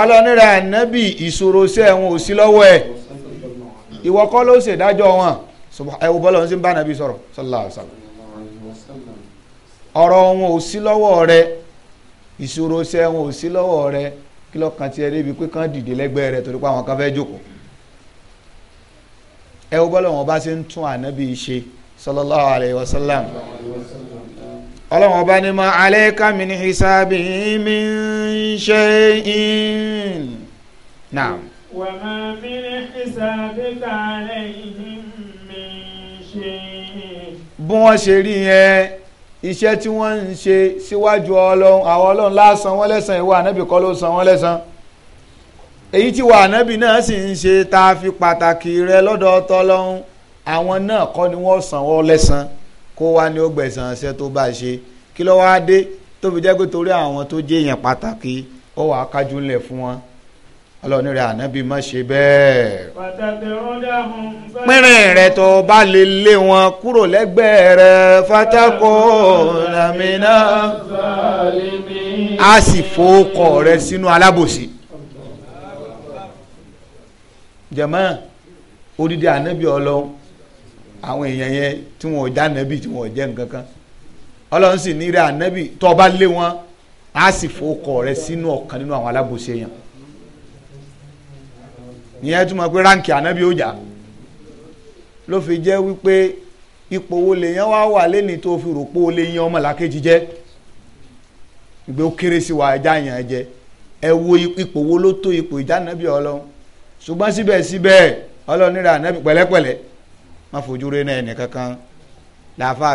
Speaker 1: alọ́nira ànábì ìṣòro sí ẹ̀wọ̀n ò sí lọ́wọ́ ẹ̀. ìwọ kọ́ ló ṣèdájọ́ wọn ẹwọ bọ́lá ń bá nàbí sọ̀rọ̀ sallallahu ọ̀rọ̀ wọn ò sí lọ́wọ́ rẹ ìṣòro ṣẹ́ wọn ò sí lọ́wọ́ rẹ kí lọ́kàn pé kán dìde rẹ torí pé àwọn kan fẹ́ jókòó ẹwọ bọ́lá wọn bá ṣe ń tún ànábì ṣe
Speaker 3: وما من حسابك عليهم من شيء
Speaker 1: bí wọ́n ṣe rí yẹn iṣẹ́ tí wọ́n ń ṣe síwájú ọlọ́run àwọn ọlọ́run la san wọ́n lẹ́san ìwà ànábì kọ́ ló san wọ́n lẹ́san èyí tí wà ànábì náà sì ń ṣe tá a fi pàtàkì rẹ̀ lọ́dọ̀ tọ́lọ́run àwọn náà kọ́ ni wọ́n san wọ́n lẹ́san kó wá ní ó ṣe tó bá ṣe kí ló wá dé jẹ́ pé torí àwọn tó jẹ́ èèyàn pàtàkì ó wàá ńlẹ̀ fún wọn ọlọ́run rẹ̀ ànábì má ṣe bẹ́ẹ̀. pínrín rẹ̀ tó bá lè lé wọn kúrò lẹ́gbẹ̀ẹ́ rẹ̀ fatako ramina a sì fowókọ rẹ̀ sínú alábòsí. jẹ̀mọ́ odidi ànábì ọlọ́run àwọn èèyàn yẹn tí wọn ò já ànábì tí wọn ò jẹ́ nǹkan kan ọlọ́run sì ní rẹ̀ ànábì tó bá lé wọn a sì fowókọ rẹ̀ sínú ọ̀kan nínú àwọn alábòsí yẹn. ìyẹn túmọ̀ pé ráǹkì ànábì ó jà ló fi jẹ́ wípé ipò wo lèyàn wá wà lẹ́ni tó fi rò pé o lè yan ọmọ làkejì jẹ́ ìgbé ó kéré sí wa ẹja yàn jẹ ẹ wo ipò wo ló tó ipò ìjà ànábì ọlọ́run ṣùgbọ́n síbẹ̀síbẹ̀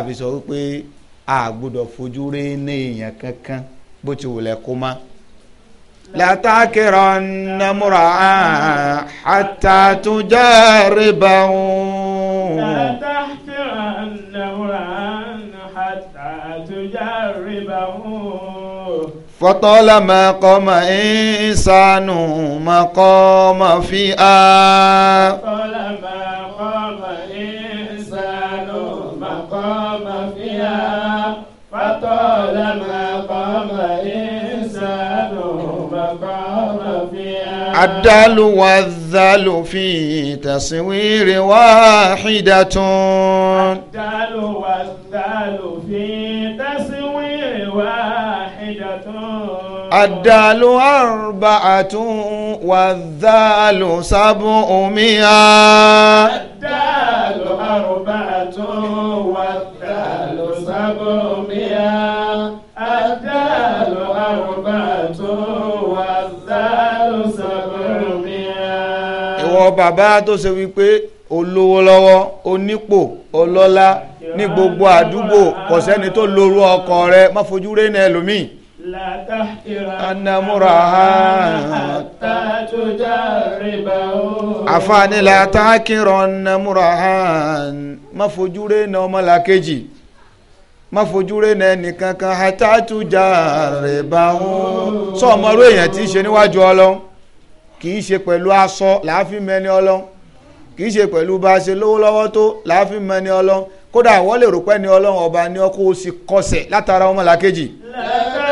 Speaker 1: wípé a gbọ́dọ̀ fojú náà èèyàn kankan bó ti لا تعكرن مرعى حتى تجاربه لا
Speaker 3: تحكرن مرعى حتى تجاربه
Speaker 1: فطالما قام إنسان مقام فئة
Speaker 3: طالما قام إنسان مقام فئة فطالما قام إنسان الدال
Speaker 1: والذال في تصوير واحدة
Speaker 3: الدال والذال في تصوير واحدة
Speaker 1: الدال أربعة والذال سبعمائة
Speaker 3: الدال أربعة والذال سبعمائة الدال أربعة والذال
Speaker 1: سبعمائة ìwọ bàbá tó ṣe wípé olówó lọ́wọ́ onípò ọlọ́lá ní gbogbo àdúgbò kò tó lóru ọkọ rẹ̀ má fojú rẹ́nà ẹlòmíì
Speaker 3: لا تحقرن
Speaker 1: مرها
Speaker 3: حتى تجربه àfààní لا
Speaker 1: تحقرن مرها má fojú rẹ̀ nà ọmọlàkejì má fojú rẹ̀ nà ẹnìkankan hatta tujaribahu sọ ọmọrú èèyàn tí í ṣe níwájú ọlọ́run kì í ṣe pẹ̀lú aṣọ láàfin mẹ́ni ọlọ́run kì í ṣe pẹ̀lú bá a ṣe lówó lọ́wọ́ tó láàfin mẹ́ni ọlọ́run kódà wọ́n lè rò pé ni ọlọ́run ọba ni ọkọ̀ ó sì kọsẹ̀ látara ọmọlàkejì. látara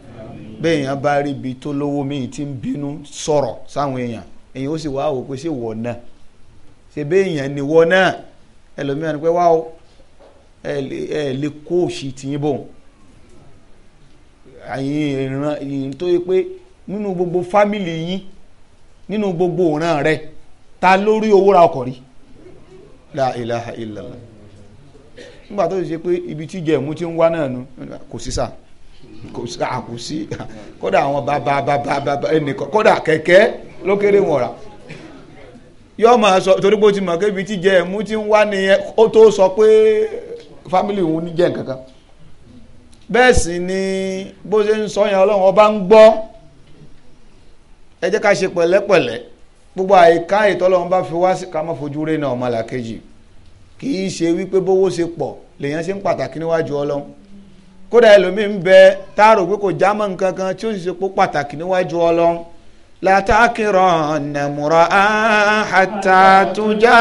Speaker 1: bẹ́ẹ̀ bá rí ibi tó lówó míì tí ń bínú sọ̀rọ̀ sáwọn èèyàn èèyàn ó sì wá wò pé ṣé wọ̀ náà ṣe bẹ́ẹ̀ ni wọ́ náà ẹlòmíràn pé wá o ẹ lè kó òṣì tìyín bò àyìn ìran pé nínú gbogbo fámìlì yín nínú gbogbo òran rẹ ta lórí owó ra rí la ilaha illallah nígbà tó ṣe pé ibi tí kò sí àkò sí kódà àwọn bàbá bàbá bàbá ẹnìkan kódà kẹ̀kẹ́ ló kéré wọn rà yóò máa sọ torí pé ó ti mọ̀ kébi tí jẹ ẹ̀mú tí ń wá nìyẹn ó tó sọ pé fámìlì òun ní jẹ́ nǹkan kan bẹ́ẹ̀ sì ni bó ṣe ń sọ yẹn ọlọ́run ọba ń gbọ́ ẹ jẹ́ ká ṣe pẹ̀lẹ́pẹ̀lẹ́ gbogbo àyíká ìtọ́lọ́run bá fi wá sí ká má fojú rẹ́ náà ọmọlàkejì kì í ṣe wípé bówó ṣe pọ̀ lèèyàn ṣe ń pàtàkì níwájú ọlọ́run kódà ẹlòmíì ń bẹ táàrò pé kò já mọ́ nǹkan kan tí ó sì ṣe pó pàtàkì níwájú ọlọ́run látàkìrọ̀ nàmúrọ̀ àhàtà tó já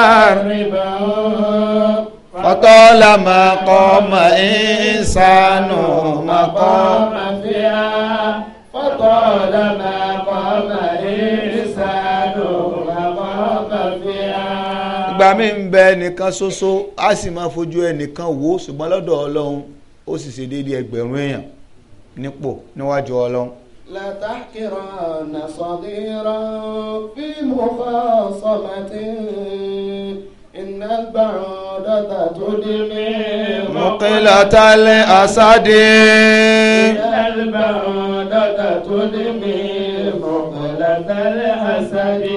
Speaker 1: la máa kọ́ mọ̀ ń sànù máa kọ́ mọ̀ fi hàn ọ̀tọ̀
Speaker 3: la máa kọ́ mọ̀ ń sànù máa kọ́ fi hàn. ìgbà
Speaker 1: mi ń bẹ ẹnìkan ṣoṣo a sì máa fojú ẹnìkan wò ṣùgbọ́n lọ́dọ̀ ọlọ́run ó sì ṣe déédéé ẹgbẹ̀rún èèyàn nípò níwájú ọlọ́run.
Speaker 2: لتحكرن صغيرا في مخاصمة إن البعودة تدمي مقلة
Speaker 1: الأسد إن
Speaker 3: البعودة تدمي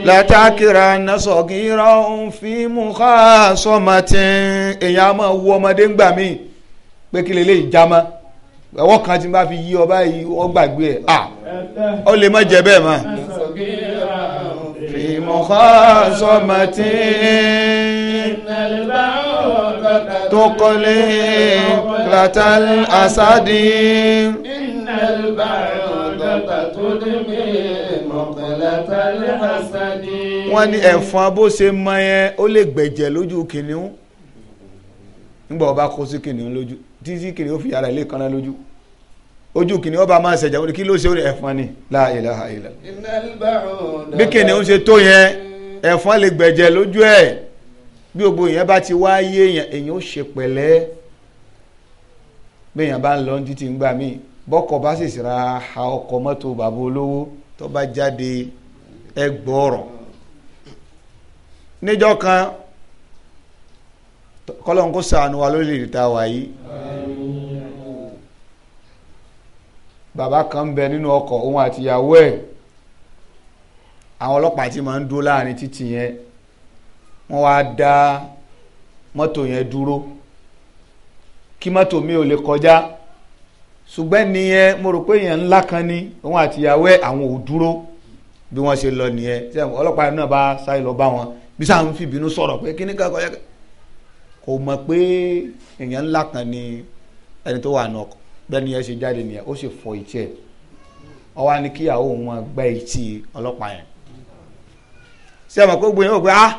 Speaker 1: látàkìrànà sọ̀gìrà òun fi mú ká sọ́mọ́tì èèyàn máa wú ọmọdé ń gbà míì pé kí lè lè já mọ́ ẹ̀wọ́ kan tí n bá fi yí ọ báyìí ọ gbàgbé ẹ̀ à ó lè má jẹ bẹ́ẹ̀ mọ́. ìmọ̀ká sọmọ tí tó kọ́lé latal asadi.
Speaker 3: wọ́n ní ẹ̀fọn
Speaker 1: bó mọ yẹn ó lè gbẹ̀jẹ̀ lójú kìnìún nígbà ọba kó sí kìnìún lójú títí kìnìún fi ara ilé kanna lójú ojú kìnìún ọba máa ṣẹjà orí kí ló ṣe orí ni la ilaha illa bí kìnìún ṣe tó yẹn ẹ̀fọn lè gbẹ̀jẹ̀ lójú ẹ̀ bí gbogbo yẹn bá ti wáyé èèyàn èèyàn ó ṣe pẹ̀lẹ́ béèyàn bá ń lọ títí ń gbà mí bọ́kọ̀ bá sì ra ha ọkọ̀ mọ́tò bàbá olówó tó bá jáde ẹgbọ́rọ̀ níjọ́ kan kọ́lọ́n kó ṣàánú wa lórílẹ̀‐èdè tá a wà yìí bàbá kan bẹ nínú ọkọ̀ òun àti ìyàwó ẹ̀ àwọn ọlọ́pàá ti máa ń dúró láàrin títì yẹn wọ́n wá dá mọ́tò yẹn dúró kí mọ́tò mi ò lè kọjá ṣùgbọ́n nìyẹn mo rò pé èèyàn ńlá kan ní òun àti ìyàwó ẹ̀ àwọn ò dúró bí wọ́n ṣe lọ nìyẹn ọlọ́pàá náà bá sáré lọ bá wọn bí sáà ń fìbínú sọ̀rọ̀ pé kíní kan kọjá kan kò mọ̀ pé èèyàn ńlá kan ni ẹni tó wà nù ọkọ̀ bẹ́ẹ̀ ni ẹ ṣe jáde nìyẹn ó sì fọ etí ẹ̀ ó wá ní kíyàwó wọn gbẹ́ etí ọlọ́pàá yẹn ṣé ẹ mọ̀ pé gbogbo yẹn wò pé ah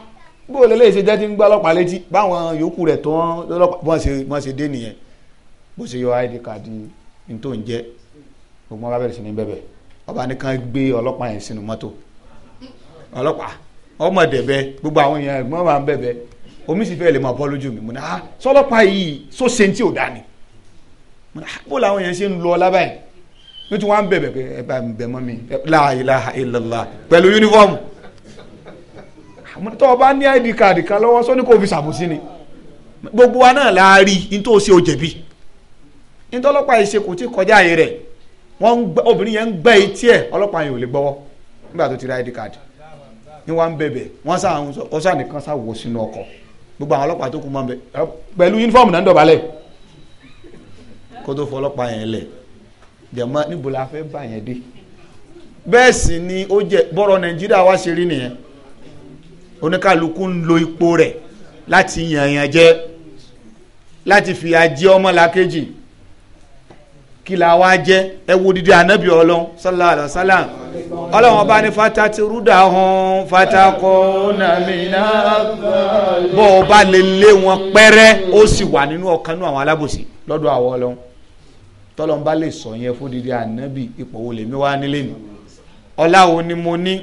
Speaker 1: bó o lè lè ṣe jẹ́ tí ń gbọ́ ọlọ́pàá létí báwọn yòókù rẹ̀ tó wọ́n ṣe dé nìyẹn bó ṣe yọ id card ní tó ń jẹ́ gbogbo ọba bẹ̀rẹ̀ sí ní bẹ̀bẹ̀ ọba nìkan gbé ọlọ́pàá yẹn sínú mọ́tò ọlọ́pàá ọmọ dẹ̀bẹ̀ gbogbo àwọn èèyàn ẹ̀gbọ́n máa ń bẹ̀bẹ̀ omi sì fẹ́ lè máa bọ́ lójú mi mo ní ah sọlọ́pàá yìí sọ ṣe tí ò dá ni mo ní ah bó làwọn yẹn ṣe ń lọ ọlá báyìí ní tí wọ́n á ń bẹ̀bẹ̀ pé ẹ bá ń bẹ̀ mọ́ mi la ilaha illallah pẹ̀lú yunifọ́ọ̀mù àmọ́ ah, tó o bá ní id card kan lọ́wọ́ sọ ni kò fi ṣàbòsí ni gbogbo wa náà la rí i tó o ṣe o jẹ̀bi ní tó ọlọ́pàá yìí ṣe kò tí kọjá àyè rẹ̀ wọ́n obìnrin yẹn ń gbẹ́ etí ẹ̀ ọlọ́pàá yìí ò lè gbọ́wọ́ nígbà tó ti ra id card ni wọ́n á ń bẹ̀bẹ̀ wọ́n sá ọ̀sán nìkan sá sínú ọkọ̀ gbogbo àwọn ọlọ́pàá tó kú mọ́ bẹ pẹ̀lú yunifọ́ọ̀mù náà ń dọ̀bálẹ̀ kó tó fọ ọlọ́pàá yẹn lẹ̀ jẹ̀mọ́ níbo la fẹ́ bá yẹn dé bẹ́ẹ̀ sì ni ó jẹ bọ́rọ̀ nàìjíríà wá ṣe rí nìyẹn oníkàlùkù ń lo ipò rẹ̀ láti yànyàn jẹ láti fìyà jẹ ọmọlàkejì Kila la wá jẹ́ ẹ wo dídí anabi ọlọ́run sallallahu alayhi wa sallam ọlọ́run ọba ní fata ti rúdà hàn fata kọ́ nàmínà bọ́ ọba lè lé wọn pẹ́rẹ́ ó sì wà nínú ọ̀kan nínú àwọn alábòsí lọ́dọ̀ àwọn ọlọ́run tọ́lọ́n bá lè sọ yẹn fún dídí anabi ipò wo lèmi wá nílé mi ọlá wo ni mo ní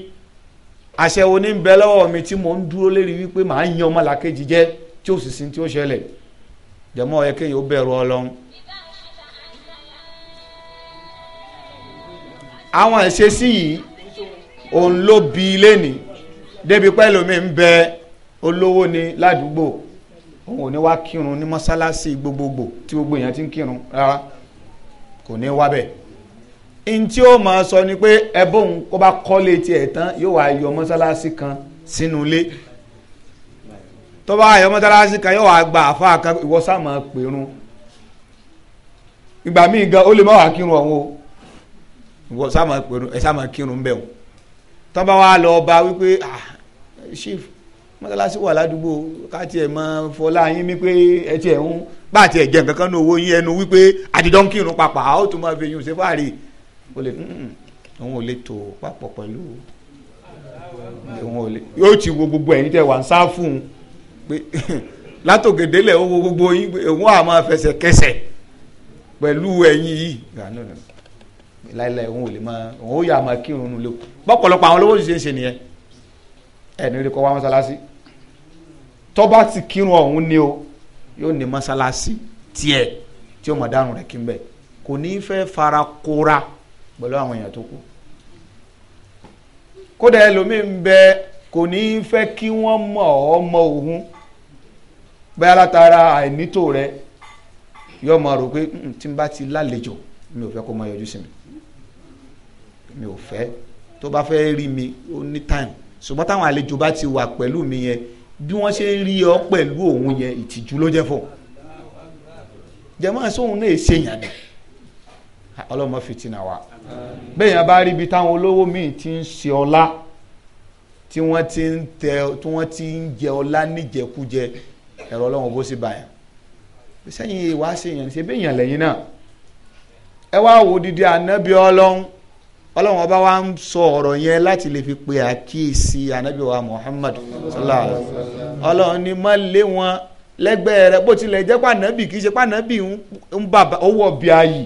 Speaker 1: àṣẹ wo ni ń bẹ lọ́wọ́ mi tí mo ń dúró lérí wípé màá yan ọmọlàkejì jẹ́ tí ó sì sin tí ó ṣẹlẹ̀ jẹ̀mọ́ ọ̀yẹ́kẹ́yìn ó bẹ̀rù ọlọ́run àwọn ìṣesí yìí òun ló bi ilé ní débi pẹ́lú mi ń bẹ olówó ni ládùúgbò òun ò ní wá kírun ní mọ́sálásí gbogbogbò tí gbogbo èèyàn ti ń kírun rárá kò ní wá bẹ́ẹ̀ in tí ó máa sọ ni pé ẹbọn kó bá kọ́lé tiẹ̀ tán yóò wá yọ mọ́sálásí kan sínú ilé tó bá yọ mọ́sálásí kan yóò wá gba àfa kan ìwọ sáà máa pèrun ìgbà míì gan ó lè má wá kírun ọ̀hún o wọ sáàmà pẹ̀lú ẹ sáàmà kírun bẹ́ẹ̀ o tọ́ bá wa lọ bá wípé ah chief mọ́tàlásí wà ládùúgbò káàtì ẹ̀ mọ fọlá yín mi pé ẹ tiẹ̀ ń bá tiẹ̀ jẹ nǹkan kan ní owó yín ẹnu wípé àdìjọ́ ń kírun papà ó tún máa fi yún ṣe fáàrí o lè òun ò lè tò papọ̀ pẹ̀lú òun ò lè yóò ti wo gbogbo ẹ̀yin tẹ̀ wà ń sá fún un pé látòkèdélẹ̀ ó wo gbogbo yín pé òun á máa fẹsẹ̀ kẹsẹ̀ pẹ̀lú ẹ̀yin yìí. Ah, láìláì òun ò lè máa òun ó yà máa kírun nù lò bọ́pọ̀lọpọ̀ àwọn olówó ṣe ṣe nìyẹn ẹni rí kọ́ wá mọ́sálásí tó ti kírun ọ̀hún ni o yóò ní mọ́sálásí tiẹ̀ tí ó mọ̀ dárùn rẹ̀ kí n bẹ̀ kò ní fẹ́ fara kóra pẹ̀lú àwọn èèyàn tó kù kódà ẹlòmíín bẹ kò ní fẹ́ kí wọ́n mọ̀ ọ́ mọ òun bẹ́ẹ̀ látara àìnító rẹ yóò máa rò pé mm, tí n bá ti lálejò mi ò fẹ́ kó máa yọjú sí mi mi ò fẹ́ tó bá fẹ́ rí mi ó ní time ṣùgbọ́n táwọn àlejò bá ti wà pẹ̀lú mi yẹn bí wọ́n ṣe rí ọ pẹ̀lú òun yẹn ìtìjú ló jẹ́ fún jẹ́mọ́ sóhun náà ṣèyàn ni ọlọ́mọ fìtínà wa bẹ́ẹ̀ yẹn bá rí ibi táwọn olówó míì ti ń ṣe ọlá tí wọ́n ti ń tẹ tí wọ́n ti ń jẹ ọlá níjẹkújẹ ẹ̀rọ ọlọ́run bó sì bàyàn sẹ́yìn ìwà ṣèyàn ṣe bẹ́ẹ̀ yàn lẹ́yìn náà ẹ wá wo dídí ànábì ọlọ́run ọba wa ń sọ ọ̀rọ̀ yẹn láti lè fi pe àkíyèsí ànábì muhammad sallallahu alayhi wa sallam ọlọ́run ni má lé wọn lẹ́gbẹ̀ẹ́ rẹ bó tilẹ̀ jẹ́ pànábì kì í ṣe pànábì ń bàbá owó ọ̀bì ayì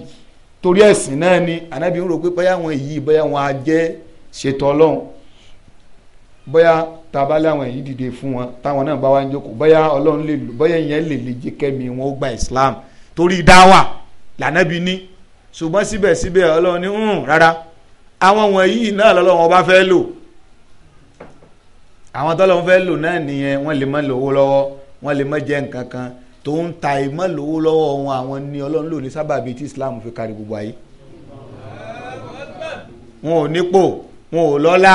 Speaker 1: torí ẹ̀sìn náà ni ànábì ń rò pé bóyá àwọn èyí bóyá wọn á jẹ́ ṣètò ọlọ́run bóyá tabalẹ̀ àwọn èyí dìde fún wọn táwọn náà bá wá ń jókòó bóyá ọlọ́run lè lò bóyá ìyẹn lè lè jẹ́ kẹ́mi wọn ó gba islam torí dáwà lànàbì ní ṣùgbọ́n síbẹ̀síbẹ̀ ọlọ́run ní rárá àwọn wọ̀nyí náà lọ́lọ́wọ́n bá fẹ́ lò àwọn tọ́lọ́wọ́n fẹ́ lò náà nìyẹn wọ́n lè má lówó lọ́wọ́ wọ́n lè má jẹ́ nǹkan kan tó ń ta ìmọ̀ lówó lọ́wọ́ wọn àwọn ní ọlọ́run lò ní sábàbí tí Islam fi kárí gbogbo ayé wọn ò nípò wọn ò lọ́lá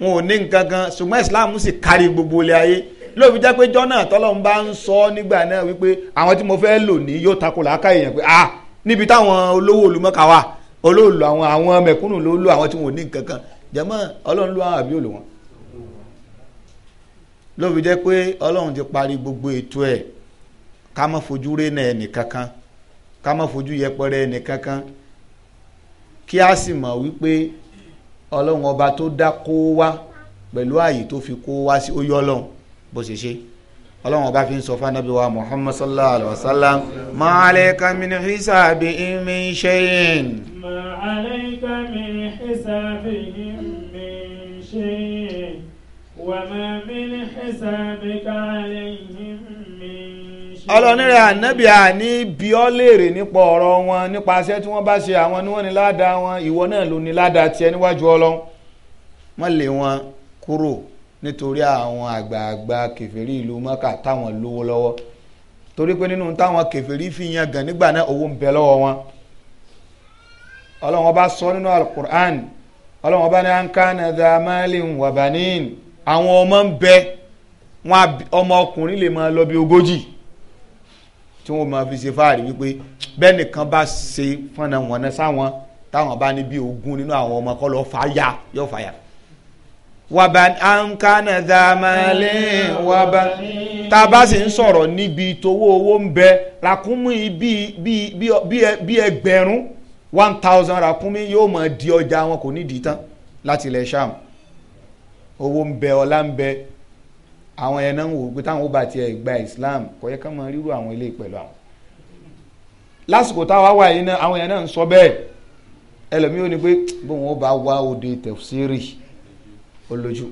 Speaker 1: wọn ò ní nǹkan kan ṣùgbọ́n Islam sì kárí gbogbo ilé ayé lóbi jẹ́ pé jọ́nà tọ́lọ́run bá ń sọ nígbà náà wípé àwọn tí mo fẹ́ lò ní yóò takò làákà èèyàn pé ah níbi táwọn olówó olùmọ̀ká wà olóòlù àwọn àwọn mẹ̀kúnnù ló lò àwọn tí wọn ò ní nǹkan kan jẹ́mọ́ ọlọ́run ló àwọn àbí òlò wọn ló fi jẹ́ pé ọlọ́run ti parí gbogbo ètò ẹ̀ ká má fojú rénà ẹnìkankan ká má fojú yẹpẹrẹ ẹnìkankan kí a sì mọ̀ wípé ọlọ́run ọba tó dá kó wá pẹ̀lú ààyè tó fi kó wá sí ó yọ bó ṣe ṣe ọlọ́run ọba fi ń sọ fún anabi wa muhammad sallallahu alayhi wa sallam ma alayka min hisabihim min shay'in. ma alayka
Speaker 3: min hisabihim min shay'in wa ma min hisabika alayhim min shay'in. ọlọ́nìrẹ̀ anabi
Speaker 1: àní bí ọ́ léèrè nípa ọ̀rọ̀ wọn nípa iṣẹ́ tí wọ́n bá ṣe àwọn ni wọ́n ní ládàá wọn ìwọ náà ló ní ládàá tiẹ̀ níwájú ọlọ́run wọ́n lé wọn kúrò nítorí àwọn àgbààgbà kèfèrí ìlú mọ́kà táwọn lówó lọ́wọ́ torí pé nínú táwọn kèfèrí fi yan gan nígbà náà owó ń bẹ lọ́wọ́ wọn ọlọ́wọ́n bá sọ nínú alukur'an ọlọ́wọ́n bá ní ankana dhamali wabanin àwọn ọmọ ń bẹ wọn ọmọ ọkùnrin lè máa lọ bí ogójì tí wọn máa fi ṣe fáàrí wípé bẹ́ẹ̀ nìkan bá ṣe fọ́nà wọ̀nà sáwọn táwọn bá ní bí ogún nínú àwọn ọmọ kọ́ lọ́ọ́ fàáyà yóò fàáyà wàbà ankana dàmàlẹ́ wàbà tá a bá sì ń sọ̀rọ̀ níbi tówó owó ń bẹ ràkúnmí bí ẹgbẹ̀rún one thousand ràkúnmí yóò máa di ọjà wọn kò ní di tán láti ilẹ̀ sham owó ń bẹ ọlá ń bẹ àwọn ẹ̀ náà ń wò pé táwọn ó bá tiẹ̀ gba islam kò yẹ ká máa ríru àwọn ilé pẹ̀lú àwọn lásìkò táwa wà yìí náà àwọn ẹ̀ náà ń sọ bẹ́ẹ̀ ẹlòmíì ó pé bóun ó bá wá òde tẹ̀síìrì ó lójú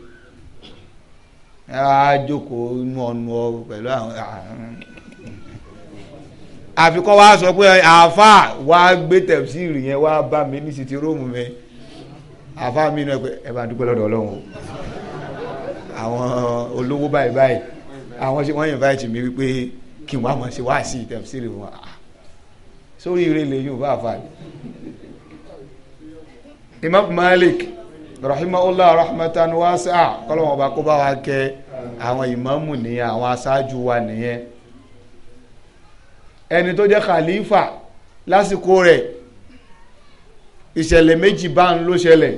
Speaker 1: á jókòó inú ọ̀nù ọ pẹ̀lú àwọn àfikọ́ wa sọ pé àáfà wa gbé tẹ̀síìrì yẹn wá bá mi ní sítì róòmù mi àáfà mi náà pé ẹ bá dúpẹ́ lọ́dọ̀ ọlọ́run o àwọn olówó báyìí báyìí àwọn ṣe wọ́n invite mi wípé kí n wá mọ̀ ṣe wá sí tẹ̀síìrì wọn sórí ire lè bá àáfà Imam Malik rahimahullah rahmatan wasi'a kọ́lọ́wọ́n ọba kó bá wa kẹ́ àwọn ìmáàmù nìyẹn àwọn aṣáájú wa nìyẹn ẹni tó jẹ́ khalifa lásìkò rẹ̀ ìṣẹ̀lẹ̀ méjì bá ń ló ṣẹlẹ̀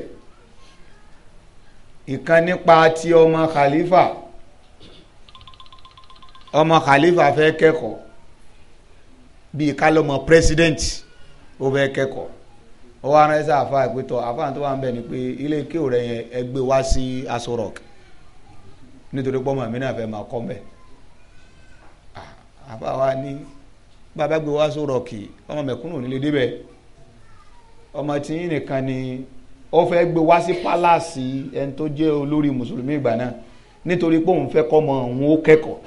Speaker 1: ìkan nípa ti ọmọ khalifa ọmọ khalifa fẹ́ kẹ́kọ̀ọ́ bíi kálọ́mọ president ó fẹ́ kẹ́kọ̀ọ́ ó wá ránṣẹ́ àfa ìpẹ́tọ̀ àfa tó wà ń bẹ̀ ni pé ilé ike rẹ̀ yẹn ẹ gbé wá sí aṣọ rock nítorí pọ́nmọ́ mi náà fẹ́ máa kọ́ mbẹ́ àfa ah, wa ní bàbá gbé wá aṣọ rock ọmọ mẹ̀kúnnù nílé débẹ̀ ọmọ tí yín nìkan ni ó fẹ́ gbé wá sí pálásì ẹni tó jẹ́ olórí mùsùlùmí ìgbà náà nítorí pé òun fẹ́ kọ́ mọ òun ó kẹ́kọ̀ọ́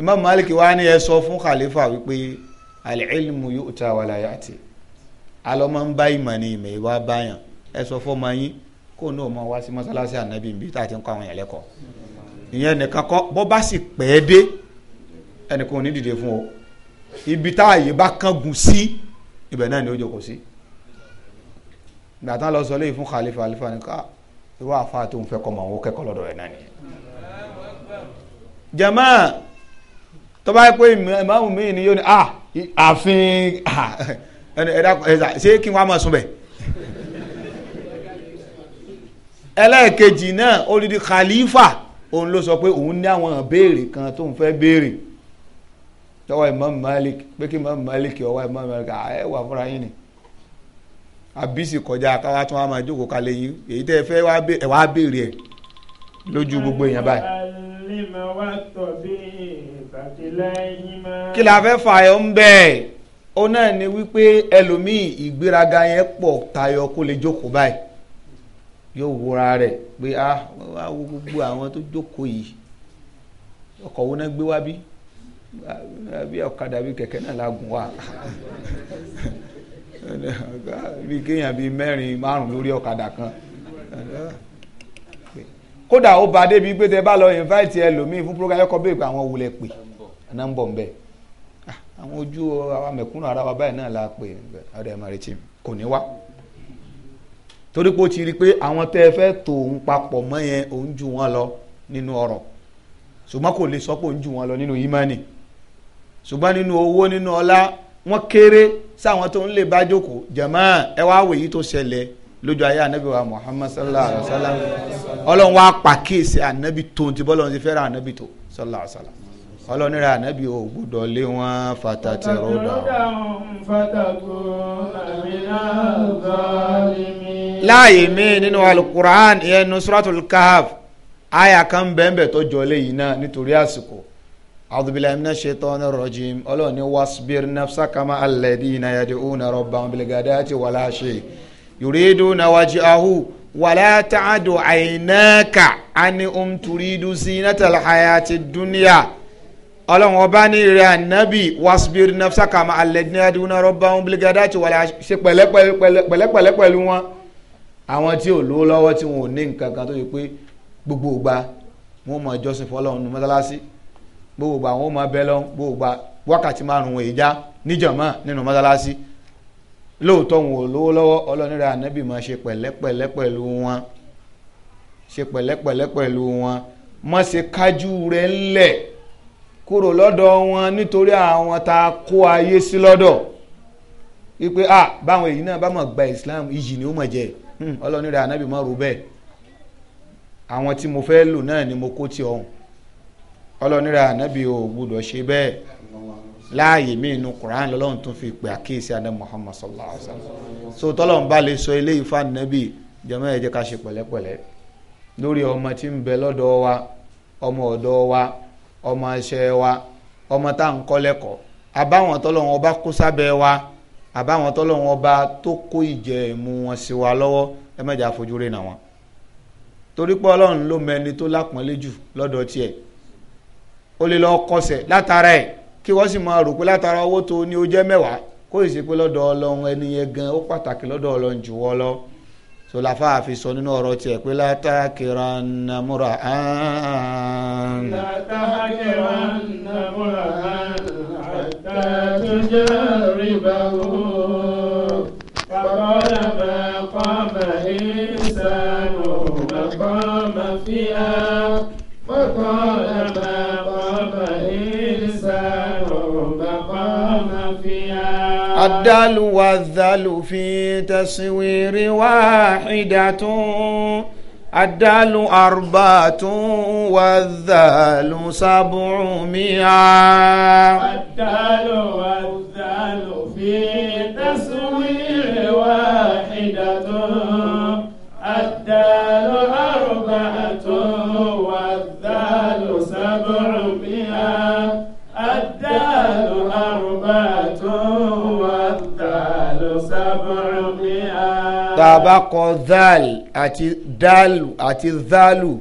Speaker 1: Imam Malik wa ni ẹ sọ fún khalifa wípé al-ilmu yu'ta wa la ya'ti alọ́mọ ń bá ìmọ̀ ni ìmọ̀ ìwà báyàn ẹ sọ fọmọ yín kó náà mọ wá sí mọ́sálásí ànábì níbi tá a ti ń kọ́ àwọn yẹn lẹ́kọ̀ọ́ ìyẹn nìkan kọ́ bọ́ bá sì pẹ́ dé ẹnìkan ò ní dìde fún o ibi tá àyè bá kángun sí ibẹ̀ náà ni ó jókòó sí ìgbà tán lọ sọ léyìí fún khalifa khalifa ni ká irú àfáà tó ń fẹ́ kọ́ mọ̀ àwọn kẹ́kọ̀ọ́ lọ́dọ̀ rẹ̀ náà nìyẹn. jama tó bá yẹ pé ìmáàmù mi ni yóò ah, ah, ẹ̀dá ṣé kí wọ́n á máa sùn bẹ̀. ẹlẹ́ẹ̀kejì náà olùdí khalifa òun ló sọ pé òun ní àwọn béèrè kan tóun fẹ́ béèrè tọwọ́ Imam Malik pé kí Imam Malik ọwọ́ Imam Malik ẹ wà fúnra yín ni àbísí kọjá káwá tún wá máa jókòó kalẹ̀ yìí èyí tẹ́ ẹ fẹ́ wá béèrè ẹ̀ lójú gbogbo èèyàn báyìí. kí la fẹ́ fà ẹ́ ń bẹ́ẹ̀ ó náà ni wípé ẹlòmíì ìgbéraga yẹn pọ̀ tayọ kó lè jókòó báyìí yóò wúra rẹ̀ pé a ah, wá wo gbogbo àwọn tó jókòó yìí ọkọ̀ wo náà gbé wá bí bí ọ̀kadà bí kẹ̀kẹ́ náà lágùn wá bí kéèyàn bíi mẹ́rin márùn lórí ọ̀kadà kan kódà ó ba débi pé tẹ bá lọ invite ẹlòmíì fún program ẹ̀kọ́ bẹ́ẹ̀ pé àwọn wulẹ̀ pè náà ń àwọn ojú àwa mẹ̀kúnnù ara wa báyìí náà la pè ọdẹ ẹ̀ máa retí kò ní wá torí pé ó ti rí i pé àwọn tẹ́ ẹ fẹ́ tò ń papọ̀ mọ́ yẹn òun ju wọn lọ nínú ọrọ̀ ṣùgbọ́n kò lè sọ pé òun ju wọn lọ nínú ìmánì ṣùgbọ́n nínú owó nínú ọlá wọ́n kéré sáwọn tó ń lè bá jókòó jàmáà ẹ wá wòye tó ṣẹlẹ̀ lójú ayé anabi wa muhammad sallallahu alaihi wa sallam ọlọ́run wá pàkíyèsí anabi tó ti bọ́lọ́run ti fẹ́ràn anabi tó sallallahu alaihi wa sallam ọlọ́nira ànábì ò gbọ́dọ̀ lé wọn fàtàtì rọ́dà. láàyè mi nínú alukur'an ìyẹn nu suratul kahf aya kan bẹ́ẹ̀nbẹ́ẹ̀ tó jọ léyìí náà nítorí àsìkò adubilayi mina shaitan rojim ọlọ́run ni wasbir nafsa kama alladina yad'una rabbahum bilgadati wala shi yuriduna wajhahu wala ta'du aynaka anhum turidu zinata alhayati dunya ọlọ́run ọba ní rẹ̀ ànábì wasbir nafsaka ma alẹ́dínní adúná rọ́bà ń bilẹ̀ gàdá tí wàlá ṣe pẹ̀lẹ́pẹ̀lẹ́ pẹ̀lú wọn àwọn tí ò lówó lọ́wọ́ tí wọn ò ní nǹkan kan tó yẹ pé gbogbo ìgbà wọn mọ ìjọsìn fọlọ́run mọ́tálásí gbogbo ìgbà wọn mọ abẹ́ lọ́n gbogbo ìgbà wákàtí márùn-ún ìjà níjàmá nínú mọ́tálásí lóòótọ́ wọn ò lówó lọ́wọ́ ọlọ́run rẹ̀ ànábì máa ṣe pẹ̀lẹ́pẹ̀lẹ́ pẹ̀lú wọn ṣe pẹ̀lẹ́pẹ̀lẹ́ pẹ̀lú wọn má ṣe kájú rẹ̀ ńlẹ̀ kúrò lọ́dọ̀ wọn nítorí àwọn ta a kó ayé sí lọ́dọ̀ wípé ah báwọn èyí náà bá mọ̀ gba Islam iyì ni ó mọ̀ jẹ́ anabi ma mọ̀ rú bẹ́ẹ̀ àwọn tí mo ni mo kó ti ọ̀hún ọlọ́ni anabi ò gbúdọ̀ ṣe bẹ́ẹ̀ láàyè mí Quran lọ́lọ́run tún fi pè àkíyèsí adé Muhammad sallallahu alayhi so tọ́lọ́run bá sọ eléyìí fún jẹ́mọ́ ká ṣe pẹ̀lẹ́pẹ̀lẹ́ ọmọ tí ń bẹ wa ọmọ ọ̀dọ̀ ọmọ ẹṣẹ wa ọmọ tá à ń kọ́ lẹ́kọ̀ọ́ àbáwọn ọba kó sábẹ́ wa àbáwọn ọba tó kó ìjẹ ìmú wọn sí wa lọ́wọ́ ẹ mẹ́jà fojú wọn. torí pé ọlọ́run ló mẹni tó lápọ́nlé jù lọ́dọ̀ tiẹ̀ ó lè lọ́ọ́ kọsẹ̀ látara sọláfà fi sọ nínú ọ̀rọ̀ tiẹ̀ pé látàkìrà nàmúra án.
Speaker 3: látàkìrà nàmúra án àtàtúnjẹ rìbá wò kàkọ́dà bá kọ́mà ìsàlù bá kọ́mà fíà wọ́n kọ́dà bá.
Speaker 1: الدال والذل في تصوير واحدة الدال أربعة والذل سبعمائة
Speaker 3: الدال والذل في تصوير واحدة الدال أربعة والذل سبعمائة الدال أربعة والدال سبعمائة bàbá
Speaker 1: kọ dhal àti dalu àti dhalu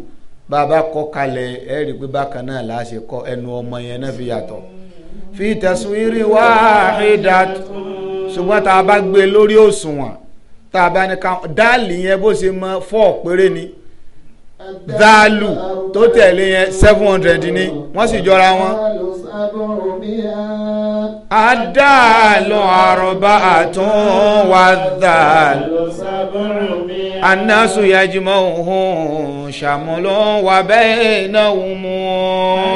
Speaker 1: bàbá kọ kalẹ̀ ẹ rí i pé bákan náà là á ṣe kọ ẹnu ọmọ yẹn náà fi yàtọ̀ fi ṣùgbọ́n tá a bá gbé lórí òṣùwọ̀n tá a bá ní ká dáàlì yẹn bó ṣe mọ fọ́ọ̀ péré ni dàlù tó tẹ̀lé yẹn seven hundred ni wọ́n sì jọra wọn. Adalu àrùbá àtún wà dàlù anasu yajumọ ohun ṣàmúlò wà bẹ́ẹ̀ náà wù mú.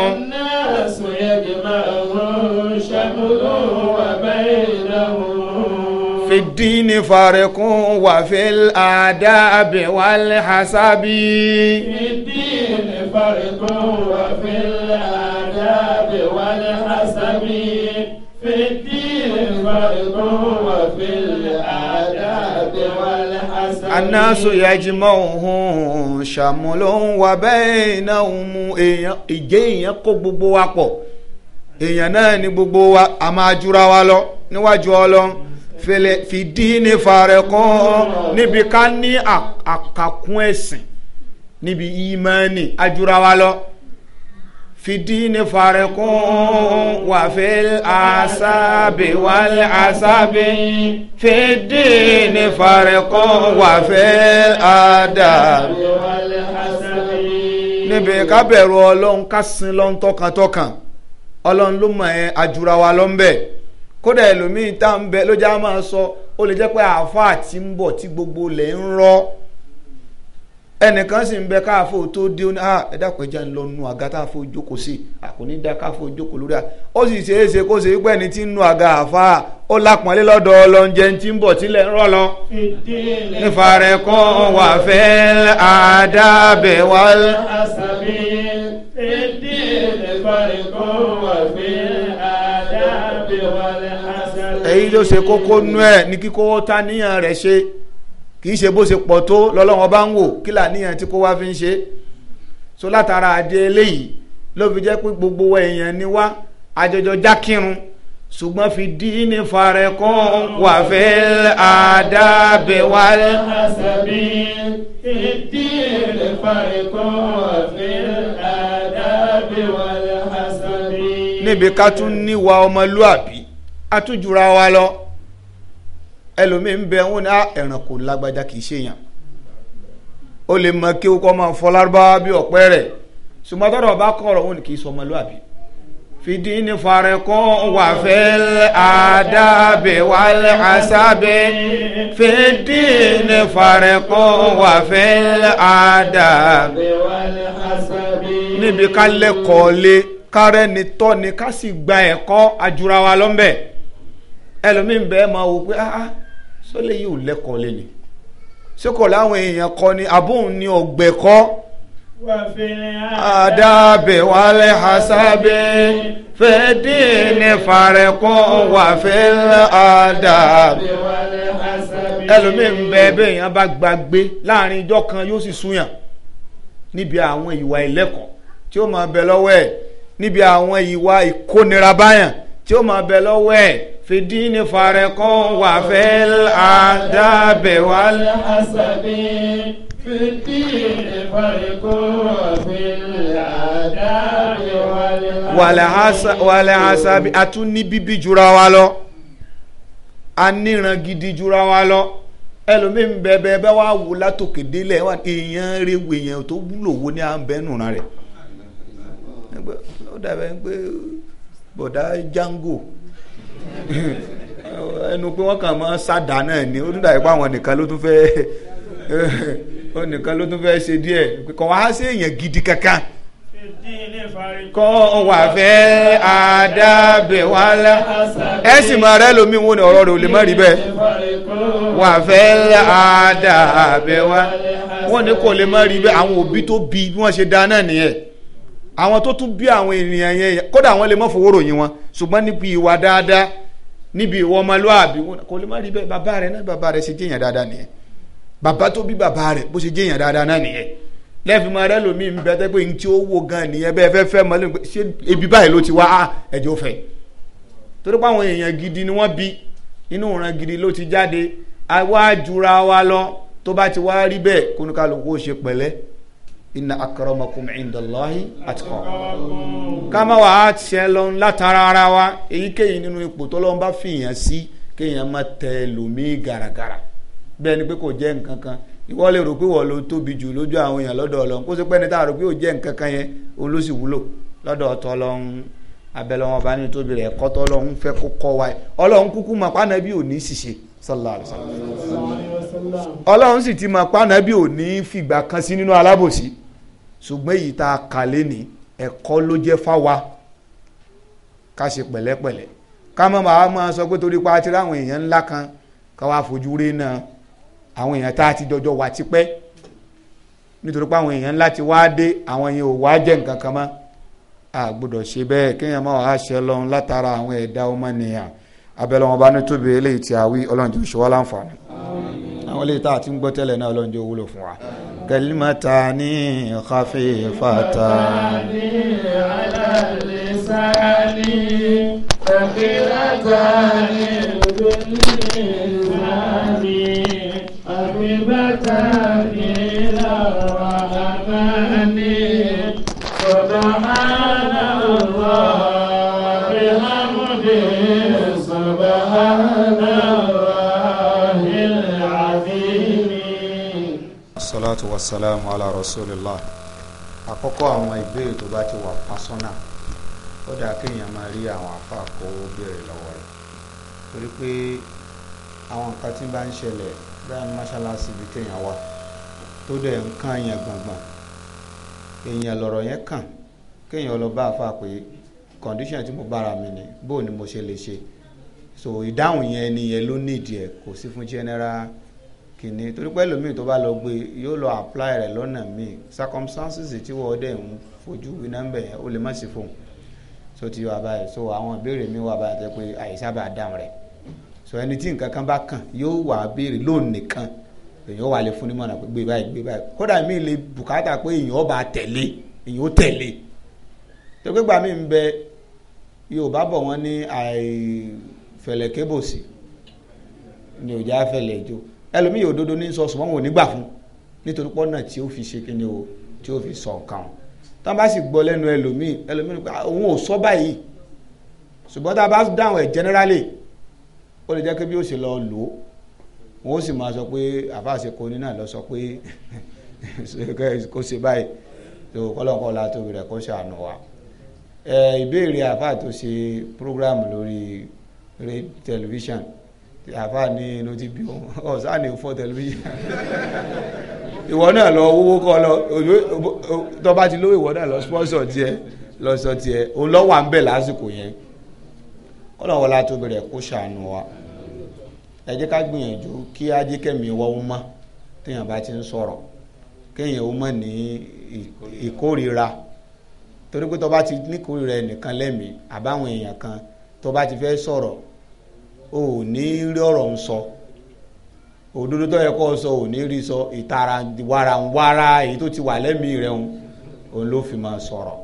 Speaker 3: anasu yajumọ ohun ṣàmúlò
Speaker 1: fi dín farikun wà fi àdábì wàlẹ̀ hasabi.
Speaker 3: fi dín farikun wà fi àdábì wàlẹ̀ hasabi. fi dín farikun wà fi àdábì wàlẹ̀ hasabi. anáṣọ
Speaker 1: yajimọ̀ ohun ṣàmúlò wà bẹ́ẹ̀ náà mú ìjẹ́ èèyàn kó gbogbo wa pọ̀ èèyàn náà ni gbogbo wa a máa jura wa lọ níwájú Ọlọ́run fìdí ní fàrẹ̀kọ́ níbi ká ní àkàkún ẹ̀sìn níbi ìmánì ajurawa lọ fìdí ní fàrẹ̀kọ́ wàfẹ́ àṣàbẹ̀ wàlẹ̀ àṣàbẹ̀ fìdí ní fàrẹ̀kọ́ wàfẹ́ àdàbẹ̀
Speaker 3: wàlẹ̀ àṣàbẹ̀
Speaker 1: níbi ká bẹ̀rù ọlọ́run ká lọ́n tọkàntọkàn ọlọ́run ló mọ̀ ẹ́ ajurawa lọ́nbẹ̀ẹ́ kódà ẹlòmíì tá à ń bẹ ló já máa sọ ó lè jẹ́ pé àáfàá ti ń tí gbogbo lẹ̀ ń rọ́ ẹnìkan sì ń bẹ káàfó tó dé ó ní à ah, ẹ dákun ẹja ń lọ nu àga táàfó jókòó sí àkùnrin dá káàfó jókòó lórí à ó sì ṣe é ṣe kó ṣe pé ẹni tí ń nu àga àfa ó lápọnlé lọ́dọ̀ ọlọ́njẹ tí ń bọ̀ tílẹ̀ ń rọ̀ lọ.
Speaker 3: ìfarẹ́kọ́ wà fẹ́ wá. wà fẹ́ àdábẹ̀ wá. èyí ló
Speaker 1: ṣe kókó nú ẹ̀ ní kíkó táníyàn rẹ̀ ṣe kì í ṣe bó ṣe pọ̀ tó lọ́lọ́wọ́n bá ń wò kí làníyàn tí kó wá fi ń ṣe so látara adé eléyìí ló fi jẹ́ pé gbogbo èèyàn ni wá àjọjọ jákírun ṣùgbọ́n fi díínì farẹ́kọ́ wà fẹ́ wà fẹ́ àdábẹ̀ wá. níbi ká tún níwà ọmọlúàbí atújura wa lọ ẹlòmíín bẹ wọn ni ah, ẹranko lágbájá kì í ṣèyàn ó lè mọ kí ó kọ́ máa fọ lárúbáwá bí ọ̀pẹ rẹ̀ ṣùgbọ́n tọ́rọ̀ bá kọ̀rọ̀ wọn kì í sọ ọmọlúwàbí fìdí ní farakọ wà fẹlẹ àdàbẹ wàlẹ àṣàbẹ fìdí ní farakọ wà fẹlẹ àdàbẹ wàlẹ àṣàbẹ. níbi ká lẹ́kọ̀ọ́ lé kárẹ́ni tọ́ni ká sì gba ẹ̀kọ́ ajura wa lọ́nbẹ̀ẹ́ ẹlòmíín bẹ́ẹ̀ máa wò pé ah sọlẹ ah, yìí ò lẹ́kọ̀ọ́ lé ni sọkọ láwọn èèyàn kọ ni àbóhùn ni ọgbẹ kọ.
Speaker 3: àdàbẹ̀ wálé hasábẹ́
Speaker 1: fẹ́ẹ́dì ní fàrẹ́kọ́ wàfẹ́ àdàbẹ̀ wálé hasábẹ́. ẹlòmíín bẹ́ẹ̀ bẹ́ẹ̀ yẹn bá gbàgbé láàrin ijọ́ kan yóò sì súyàn níbi àwọn ìwà ìlẹ́kọ̀ọ́ tí ó máa bẹ lọ́wọ́ ẹ̀ níbi àwọn ìwà ìkónira báyàn tí ó máa bẹ lọ́wọ́ ẹ̀ fìdíni farikun wà fil adabi wal hasabi.
Speaker 3: fìdíni farikun wà fil adabi wal hasabi.
Speaker 1: wal hasabi a tún ní bíbí jura wa lọ a níran gidi jura wa lọ ẹlòmíín bẹbẹ bẹ wá wò látòkè délẹ̀ wà èèyàn rewò èèyàn tó wúlò wo ni à ń bẹ nùnà rẹ̀ ó dàbẹ̀ pé bọ̀dá Django ẹnu pé wọ́n kàn mọ́ sádà náà ni ó dúdà ipá àwọn nìkan ló tún fẹ́ ó nìkan ló tún fẹ́ ṣe díẹ̀ kò wá sí èèyàn gidi kankan kọ́ wà fẹ́ àdábẹ̀ wàhálà ẹ sì máa rẹ́ lómi wọn ọ̀rọ̀ rẹ̀ ò lè má rí bẹ́ẹ̀ wà fẹ́ àdábẹ̀ wàhálà wọn ni kò lè má rí bẹ́ẹ̀ àwọn òbí tó bí bí wọ́n ṣe dá nìyẹn àwọn tó tún bí àwọn ènìyàn yẹn kódà àwọn lè má fowó wọn ṣùgbọ́n níbi ìwà dáadáa níbi ìwà ọmọlúwàbí kò lè má rí bẹ́ẹ̀ bàbá rẹ̀ náà bàbá rẹ̀ ṣe jẹ́yàn dáadáa nìyẹn bàbá tó bí bàbá rẹ̀ bó ṣe jẹ́yàn dáadáa náà nìyẹn lẹ́ẹ̀fì máa rẹ́ lómi ń bẹ́tẹ́ pé ntí ó wo gan nìyẹn bẹ́ẹ̀ fẹ́ fẹ́ mọ́ lónìí ṣé ebi báyìí ló ti wá ah, ẹ̀jẹ̀ ó torí pé àwọn èèyàn gidi ni wọ́n bí inú ìran gidi ló ti jáde àwa wa lọ tó bá ti wá rí bẹ́ẹ̀ kónúkálukú ó ṣe pẹ̀lẹ́ inna akramakum indallahi atqakum. ká má wàá tiẹ̀ lọ látara ara wa èyíkéyìí nínú ipò tó lọ́n bá fìyàn sí kéèyàn má tẹ lómi gàràgàrà bẹ́ẹ̀ ni pé kò jẹ́ nǹkan kan ìwọ lè rò pé wọ́n ló tóbi jù lójú àwọn èèyàn kó sì ni tá a rò pé ó jẹ́ yẹn òun ló sì wúlò lọ́dọ̀ ọ̀tọ̀ ọlọ́run abẹ́lọ́wọ́n bá ní tóbi rẹ̀ ẹ̀kọ́ tó kó kọ́ wa ọlọ́run kúkú mọ̀ pàánà bí ò ní ṣìṣe sallallahu alaihi wasallam ọlọ́run sì ti mọ̀ pàánà bí ò fìgbà kan sí nínú alábòsí ṣùgbọ́n èyí tá a kà lẹ́ni ẹ̀kọ́ ló jẹ́ fáwa ká ṣe pẹ̀lẹ́pẹ̀lẹ́ ká má máa máa sọ pé torí pa á ti ráwọn èèyàn ńlá kan ká wá fojú rí náà àwọn èèyàn tá a ti jọjọ wà tipẹ́ nítorí pé àwọn èèyàn ńlá ti wá dé àwọn èèyàn ò wá jẹ́ nǹkan kan mọ́ a gbọ́dọ̀ ṣe bẹ́ẹ̀ kéèyàn máa wàá ṣe lọ́hún látara àwọn ẹ̀dá ọmọnìyàn abẹ́lẹ́ wọn bá ní tóbi eléyìí tí a ọlọ́run ti ṣe wá láǹfààní àwọn ilé tá a ti ń gbọ́ tẹ́lẹ̀ náà lọ́njọ́ wúlò fún wa. kalimatani khafifatani
Speaker 3: ala lisani thaqilatani lórí ìlànà àbíbátani.
Speaker 1: salatu wa salamu ala rasulillah àkọ́kọ́ àwọn ìbéèrè tó bá ti wà pásọ́nà ó dáa kéèyàn máa rí àwọn afa kó béèrè lọ́wọ́ rẹ̀ torí pé àwọn nǹkan tí bá ń ṣẹlẹ̀ báyìí mọ́ṣáláṣí ibi téèyàn wà tó dẹ̀ ń kàn yẹn gbọ̀ngbọ̀n èèyàn lọ̀rọ̀ yẹn kàn kéèyàn lọ bá afa pé condition tí mo bára mi ni bó ni mo ṣe lè ṣe so ìdáhùn yẹn nìyẹn ló nídìí ẹ̀ kò sí fún general kìíní torí pé ẹlòmíì tó bá lọ gbé yóò lọ apply rẹ̀ lọ́nà míì circumstances tí wọ́n dẹ̀ ń fojú winá ń bẹ̀ yẹn ó lè má sí fóun so ti wà báyìí so àwọn ìbéèrè mi wà báyìí tó pé àyíṣà bá dáhùn rẹ̀ so ẹni tí nǹkan kan bá kàn yóò wà á béèrè lónìí nìkan èèyàn wà lè fún ní mọ̀nà pé gbé báyìí gbé báyìí kódà mí lè bùkátà pé èèyàn bá tẹ̀lé èèyàn ó tẹ̀lé tó pé gbà mí ń bẹ Yorùbá bọ̀ wọ́n ní àìfẹ̀lẹ̀kébòsì ni òjá fẹ̀lẹ̀ jó ẹlòmíì òdodo ní sọ ṣùgbọ́n wọn ò ní gbà fún nítorí pọ́nà tí ó fi ṣe kí ni o tí ó fi sọ nǹkan o tá a bá sì gbọ́ lẹ́nu ẹlòmíì ẹlòmíì pé òun ò sọ báyìí ṣùgbọ́n tá a bá dáhùn ẹ̀ generally ó lè jẹ́ pé bí ó ṣe lọ lò ó wọn ó sì máa sọ pé àfàṣe koní náà lọ sọ pé kó ṣe báyìí tó kọ́lọ́kọ́ la tóbi rẹ̀ kó ṣàánú wa ìbéèrè àfà tó ṣe program lórí tẹlifíṣàn àfa ní inú ti bí wọn ọ̀sán ni fọ́ tẹlifíṣàn ìwọ náà lọ owó kọ́ lọ tó bá ti lówó ìwọ náà lọ sponsor tiẹ̀ lọ sọ tiẹ̀ òun lọ́wọ́ à ń bẹ̀ lásìkò yẹn ọlọ́wọ́ la tó bẹ̀rẹ̀ kó ṣàánú wa ẹ jẹ́ ká gbìyànjú kí ajíkẹ́mi wọ́wọ́ mọ́ téèyàn bá ti ń sọ̀rọ̀ kéèyàn ó mọ̀ ní ìkórira torí pé tó ti níkórira ẹnìkan lẹ́mìí àbáwọn èèyàn kan tó ti fẹ́ sọ̀rọ̀ o ò ní rí ọ̀rọ̀ ń sọ òdodo tó yẹ kó sọ ò ní rí sọ ìtara warawara èyí tó ti wà lẹ́mìí rẹ̀ ń òun ló fi máa sọ̀rọ̀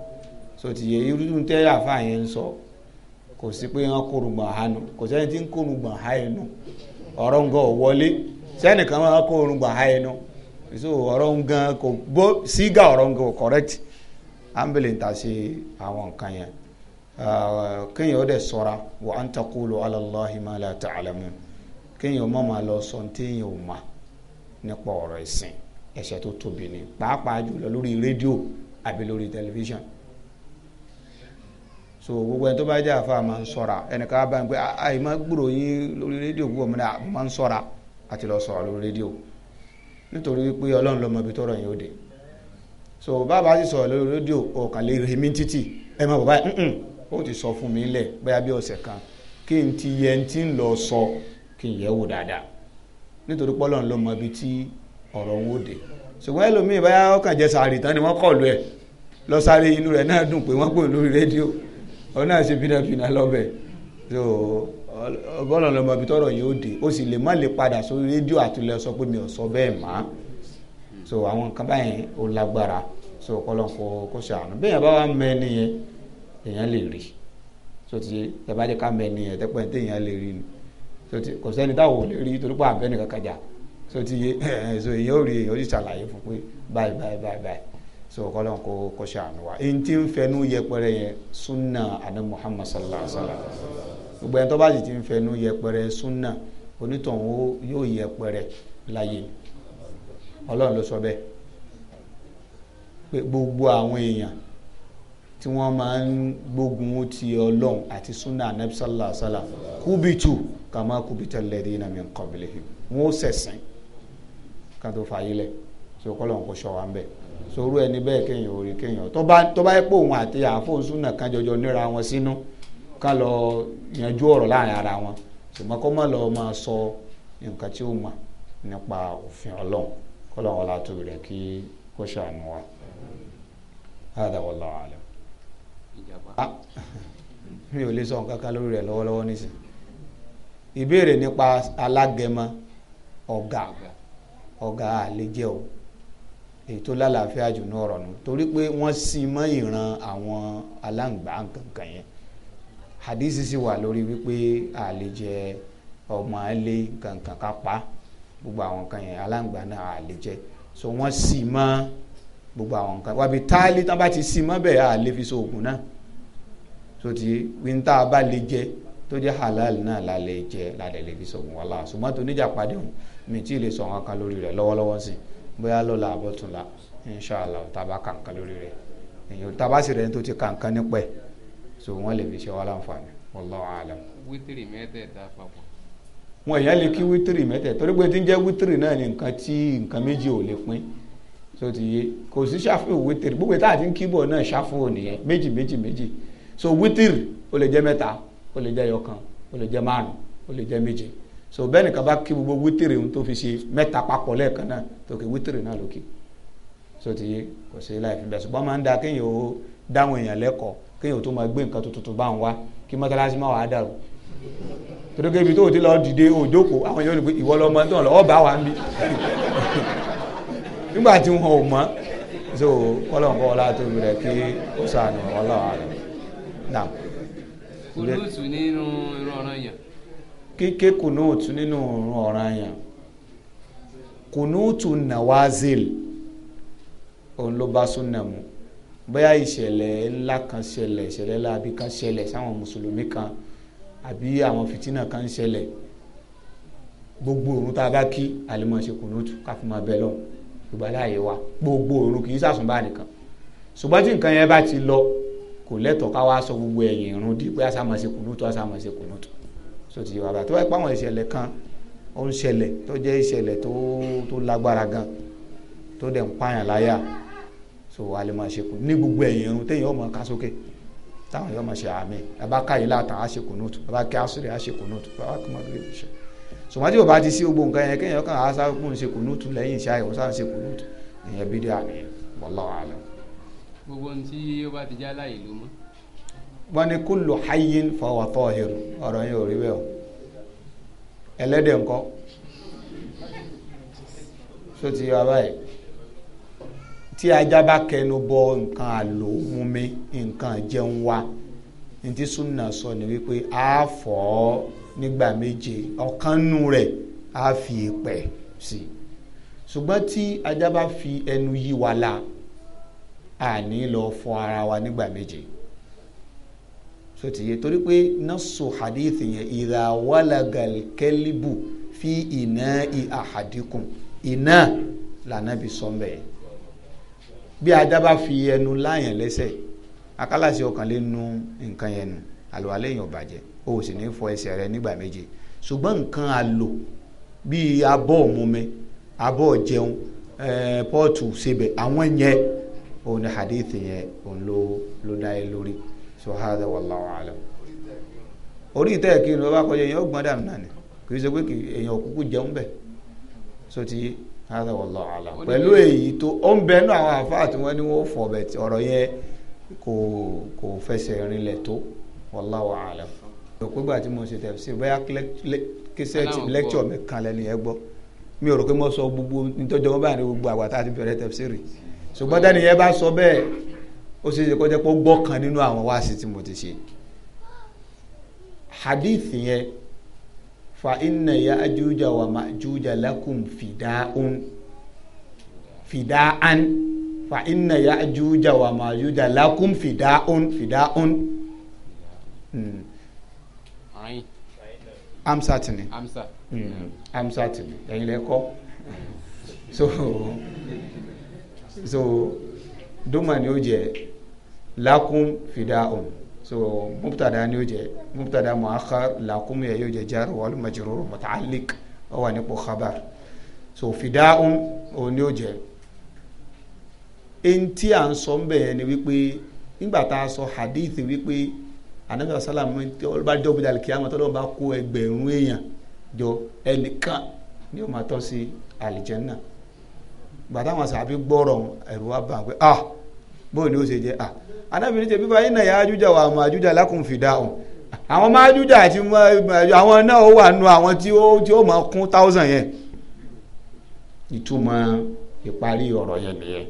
Speaker 1: sotiye irú tẹ́ àfa yẹn ń sọ kò sí pé wọ́n kórùngbọ̀n àhánu kò sẹ́ni tí ń kórùngbọ̀n àhá ẹnu ọ̀rọ̀ ń gan wọlé sẹ́nìkan wọ́n kórùngbọ̀n àhá ẹnu so ọ̀rọ̀ ń gan kò bó sígà ọ̀rọ̀ ń gan kò correct ambulance ta ṣe àwọn nǹkan yẹn kéèyàn ó dẹ̀ sọ́ra wa an taqulu ala Allahi ma la ta'lamun kéèyàn má máa lọ sọ téèyàn ò mà nípa ọ̀rọ̀ ìsìn ẹ̀ṣẹ̀ tó tóbi ni pàápàá jùlọ lórí rédíò àbí lórí tẹlifíṣàn so gbogbo ẹni tó bá jẹ́ àfa máa ń sọ́ra ẹnìkan á bá ń pẹ́ àì má gbúrò yín lórí rédíò púpọ̀ mọ́ni máa ń sọ́ra àti lọ sọ̀rọ̀ lórí rédíò nítorí pé ọlọ́run ló mọ ibi tọ́rọ̀ yín so bàbá sì sọ̀rọ̀ lórí rédíò ọ̀kan lè rí mi títì ẹ má bàbá yìí ó ti sọ fún mi lẹ̀ bóyá bí ọ̀sẹ̀ kan kí n ti yẹ n ti ń lọ sọ kí n yẹ wò dáadáa nítorí pé Ọlọ́run ló mọ ibi tí ọ̀rọ̀ ń wòde ṣùgbọ́n ẹlòmíì báyà ọkàn jẹ sàárì tán ni wọ́n kọ̀lù ẹ̀ lọ sáré inú rẹ̀ náà dùn pé wọ́n pè lórí rédíò ọ náà ṣe pínapína lọ́bẹ̀ so Ọlọ́run ló mọ ibi tọ́rọ̀ yìí ó dé ó sì lè má lè padà sórí rédíò àtúlẹ̀ sọ pé mi ò sọ bẹ́ẹ̀ mọ́ so àwọn nǹkan báyìí ó lágbára so kọ́lọ́n kó ṣàánú bẹ́ẹ̀ bá wà mẹ́ni yẹn èèyàn lè rí sotí ẹ bá jẹ ká mẹ ni ẹtẹpẹ téèyàn lè rí ni sotí kò sẹ́ni táwọn ò lè rí torí pé àbẹ nìkan kàjà sotí so èèyàn ò rí èèyàn ó sì ṣàlàyé fún pé báyìí báyìí báyìí so kọlọ́n kó kó ṣàánú wa èyí tí ń fẹnu yẹpẹrẹ yẹn sunna àná muhammad sallallahu alaihi wa sallam gbogbo ẹni tó bá sì ti ń fẹnu yẹpẹrẹ sunna onítọ̀hún yóò yẹpẹrẹ láyé ọlọ́run ló sọ bẹ́ẹ̀ pé gbogbo àwọn èèyàn tí wọ́n máa ń gbógun ti ọlọ́run àti sunna anabi sallallahu alayhi wa sallam kúbìtù kàmá kúbìtà alladhina min qablihim wọn ó sẹ̀sìn ká tó fààyè lẹ̀ tí o kọ́lọ́n kò sọ wa ń bẹ̀ sorú ẹni bẹ́ẹ̀ kéèyàn orí kéèyàn tó bá tó bá yẹ pé òun àti àáfóun sunna kan jọjọ níra wọn sínú ká lọ yanjú ọ̀rọ̀ láàrin ara wọn ṣùgbọ́n kó má lọ máa sọ nǹkan tí ó mọ̀ nípa òfin ọlọ́run kọ́lọ́n wọlá tó rẹ̀ kí kó ṣàánú wa. هذا والله Ah, mi ò lè sọ nǹkan kan lórí rẹ̀ lọ́wọ́lọ́wọ́ nísìnyí ìbéèrè nípa alágẹmọ ọ̀gá ọ̀gá àlè o èyí tó lálàáfíà jù ní ọ̀rọ̀ nù torí pé wọ́n sin mọ́ ìran àwọn aláǹgbá kankan yẹn hadisi sì wà lórí wípé àlè jẹ ọmọ ẹlẹ́ kankan ká pa gbogbo àwọn kan yẹn aláǹgbá náà àlè jẹ so wọ́n sin mọ́ gbogbo àwọn kan wàbí táálí tán bá ti sin mọ́ bẹ́ẹ̀ àlè so oògùn náà sotí wíńtà bá lè jẹ tó jẹ halal náà lálẹ́ jẹ lálẹ́ lè fi sọ̀rọ̀ wàhálà ṣùgbọ́n tó níjà padì hùn mi tí ì lè sọ̀rọ̀ kan lórí rẹ̀ lọ́wọ́lọ́wọ́ sí bóyá lọ́la àbọ̀túnla inshàlá tàbá kàǹkan lórí rẹ̀ èyàn tàbá sì rẹ̀ tó ti kàǹkan nípẹ́ so wọ́n lè fi ṣe wá láǹfààní wallahu alam. wítìrì mẹ́tẹ̀ẹ̀ta papọ̀. wọn èèyàn lè kí wítìrì mẹ́tẹ̀ẹ̀ torí pé tí ń náà ni nǹkan tí nǹkan méjì ò lè pín tó ti yé kò sí ṣàfihàn wítìrì gbogbo táà ti ń kíbọ̀ náà ṣàfihàn nìyẹn méjì méjì méjì. méjì so wítìrì ó lè jẹ́ mẹ́ta ó lè jẹ́ yọkan ó lè jẹ́ márùn ó lè jẹ́ méje so bẹ́ẹ̀ nìkan bá kí gbogbo wítìrì ohun tó fi ṣe mẹ́ta papọ̀ lẹ́ẹ̀kan náà tó kí wítìrì náà lókè so ti yé kò sí láì fi bẹ́ẹ̀ ṣùgbọ́n máa ń da kéèyàn ó dáwọn èèyàn lẹ́kọ̀ọ́ kéèyàn ó tó máa gbé nǹkan tuntun bá ń wá kí mọ́tàlásí máa wàá dàrú torí ibi tó ti lọ dìde òjòkó àwọn yóò rí ìwọ lọmọ tó ń lọ ọba wa ń bí nígbà tí wọn ò mọ so Ọlọ́run kọ ọlá tóbi rẹ kí ó sànù náà. kùnúùtù
Speaker 2: nínú irun ọ̀ràn yàn.
Speaker 1: kíké kùnúùtù nínú irun ọ̀ràn yàn kùnúùtù nawazil òun ló bá súnà mu bóyá ìṣẹ̀lẹ̀ ńlá kan ṣẹlẹ̀ ìṣẹ̀lẹ̀ láabi kan ṣẹlẹ̀ sáwọn mùsùlùmí kan àbí àwọn fìtínà kan ṣẹlẹ̀ gbogbo òrun tá a bá kí àlèmọ̀ ṣe káfí máa bẹ lọ́hùn ìgbàláyé wa gbogbo òrun kì í sàsùnbà nìkan ṣùgbọ́n tí nǹkan yẹn bá ti lọ kò lẹ́tọ̀ ká wá sọ gbogbo ẹ̀yìn irun di pé àsàmọ̀sẹ̀ kùnútù àsàmọ̀sẹ̀ kùnútù so ti wà bàtà tó wáyé pàwọn ìṣẹ̀lẹ̀ kan ó ń ṣẹlẹ̀ tó jẹ́ ìṣẹ̀lẹ̀ tó tó lágbára gan tó dẹ̀ ń pààyàn láyà so wà lè máa ṣe kùnútù ní gbogbo ẹ̀yìn irun téèyàn ó máa ká sókè táwọn yóò máa ṣe àmì bàbá káyìí láta á ṣe kùnútù bàbá kí asúrì á ṣe kùnútù bàbá kí mọ̀gírí ṣe sùmọ́tí ò bá ti sí gbogbo nǹkan yẹn kéèyàn kàn á sáré kùn ṣe kùnútù lẹ́yìn ìṣá
Speaker 3: gbogbo ohun tí ó bá ti já láàyè ló mọ́.
Speaker 1: wọ́n ní kullu hayyin fahuwa tahir ọ̀rọ̀ yẹn ò rí bẹ́ẹ̀ o ẹlẹ́dẹ̀ ńkọ́ só ti yọ abáyé tí ajá bá kẹnu bọ nǹkan àlò mumi nǹkan jẹun wa ní ti súnà sọ ni wípé a fọ̀ ọ́ nígbà méje ọ̀kan nù rẹ̀ a fi ìpẹ́ sí i ṣùgbọ́n tí ajá bá fi ẹnu yí wa la àní lọ fọ ara wa nígbà méje so ti yẹ torí pé nasu hadith yẹn idha fi ina'i ahadikum iná lànà bí sọ́nbẹ̀ bí ajá fi ẹnu láyàn lẹ́sẹ̀ akálàsì ọkàn lè nu nǹkan yẹn nù àlùwalẹ̀ yẹn ò o ò sì ní fọ ẹsẹ̀ rẹ nígbà méje ṣùgbọ́n nǹkan àlò bíi abọ́ òmùmẹ́ abọ́ jẹun pọ́ọ̀tù ṣebẹ̀ àwọn yẹn òun ni hadith yẹn òun ló ló dá yé e lórí sọhádà ni wọ́n bá kọjá èèyàn gbọ́n ni kì í ṣe pé èèyàn so ti wala wallahu alam ala èyí tó ó ń bẹ nínú àwọn àfáà tí wọ́n ní wọ́n fọ̀ bẹ̀ tí ọ̀rọ̀ yẹn kò kò fẹsẹ̀ rinlẹ̀ tó wallahu alam òpégbà tí mo ṣe mi kan lẹ́nu yẹn gbọ́ mi ò rò pé mo sọ gbogbo báyìí gbogbo àgbàtà àti bẹ̀rẹ̀ rè ṣùgbọ́n tẹ́nìyẹn bá sọ bẹ́ẹ̀ ó ṣe é ṣe kó jẹ́ pé ó gbọ́kàn nínú àwọn wáàsí tí mo ti ṣe hadith yẹn fa inna ya'juja wa ma'juja lakum fida'un fida'an fa inna ya'juja wa ma'juja lakum fida'un fida'un. Hmm. amsa tini amsa mm. amsa tini ẹ̀yin lẹ kọ so so duma ni ó jẹ́ lakum fidaun so mubtada ni ó jẹ́ mubtada muakhar lakum yẹ yóò jẹ́ jar wal majrur mutaalliq ó wà nípò khabar so fidaun ó ní ó jẹ́ enti à ń sọ nbẹ ni wípé nígbà tá a sọ hadith wípé anabi asalaam ọlọba jọ bí dalikí àmọ́ tọlọmọ bá kó ẹgbẹ̀rún èèyàn jọ ẹnìkan ni ó máa tọ́ sí alìjẹnà gbàtà wọn sàbí gbọ́rọ̀ ẹ̀rù wa bá pé ah bóyá ni ó ṣe jẹ́ ah anábìrin tẹ bíbá yín náà yà ájújà wà àmọ́ àjújà lákùn fìdá o àwọn máa ájújà àti àwọn náà ó wà nù àwọn tí ó tí ó máa kún thousand yẹn ìtumọ̀ ìparí ọ̀rọ̀ yẹn nìyẹn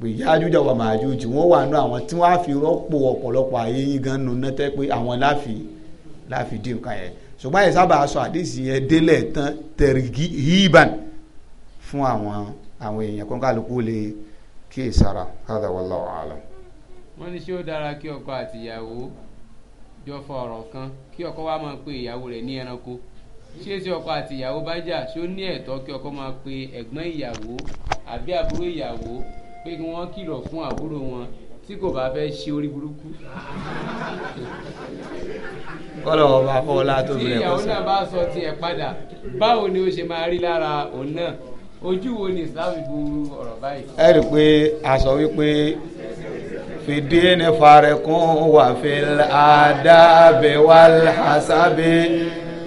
Speaker 1: pé yà ájújà wà àmọ́ àjújì wọ́n wà nù àwọn tí wọ́n á fi rọ́pò ọ̀pọ̀lọpọ̀ ayé yín gan nù nẹ́tẹ́ pé àwọn láfi láfi dín nǹkan yẹn ṣùgbọ́n àyè sábà sọ àdéhìsì yẹn délẹ̀ tán tẹ̀rìgì híban fún àwọn àwọn èèyàn kó kálukú lè kíyè sára hádà wallahu alam. wọ́n ní ṣé ó dára kí ọkọ àti ìyàwó jọ fọ ọ̀rọ̀ kan kí ọkọ wa máa pe ìyàwó rẹ̀ ní ẹranko ṣé tí ọkọ àti ìyàwó bá jà ṣé ó ní ẹ̀tọ́ kí ọkọ máa pe ẹ̀gbọ́n ìyàwó àbí àbúrò ìyàwó pé kí wọ́n kìlọ̀ fún àbúrò wọn tí kò bá fẹ́ ṣe orí burúkú. kọ́lọ̀ ọba fọlá tóbi rẹ̀ kọ́sẹ̀. tí ìyàwó náà bá sọ tiẹ̀ padà báwo ni ó ṣe máa rí lára òun náà ojú wo ni Islam bu ọ̀rọ̀ báyìí. ẹ rí i pé a wípé fìdí ní farikún wà fi àdábẹ́ wà hasabi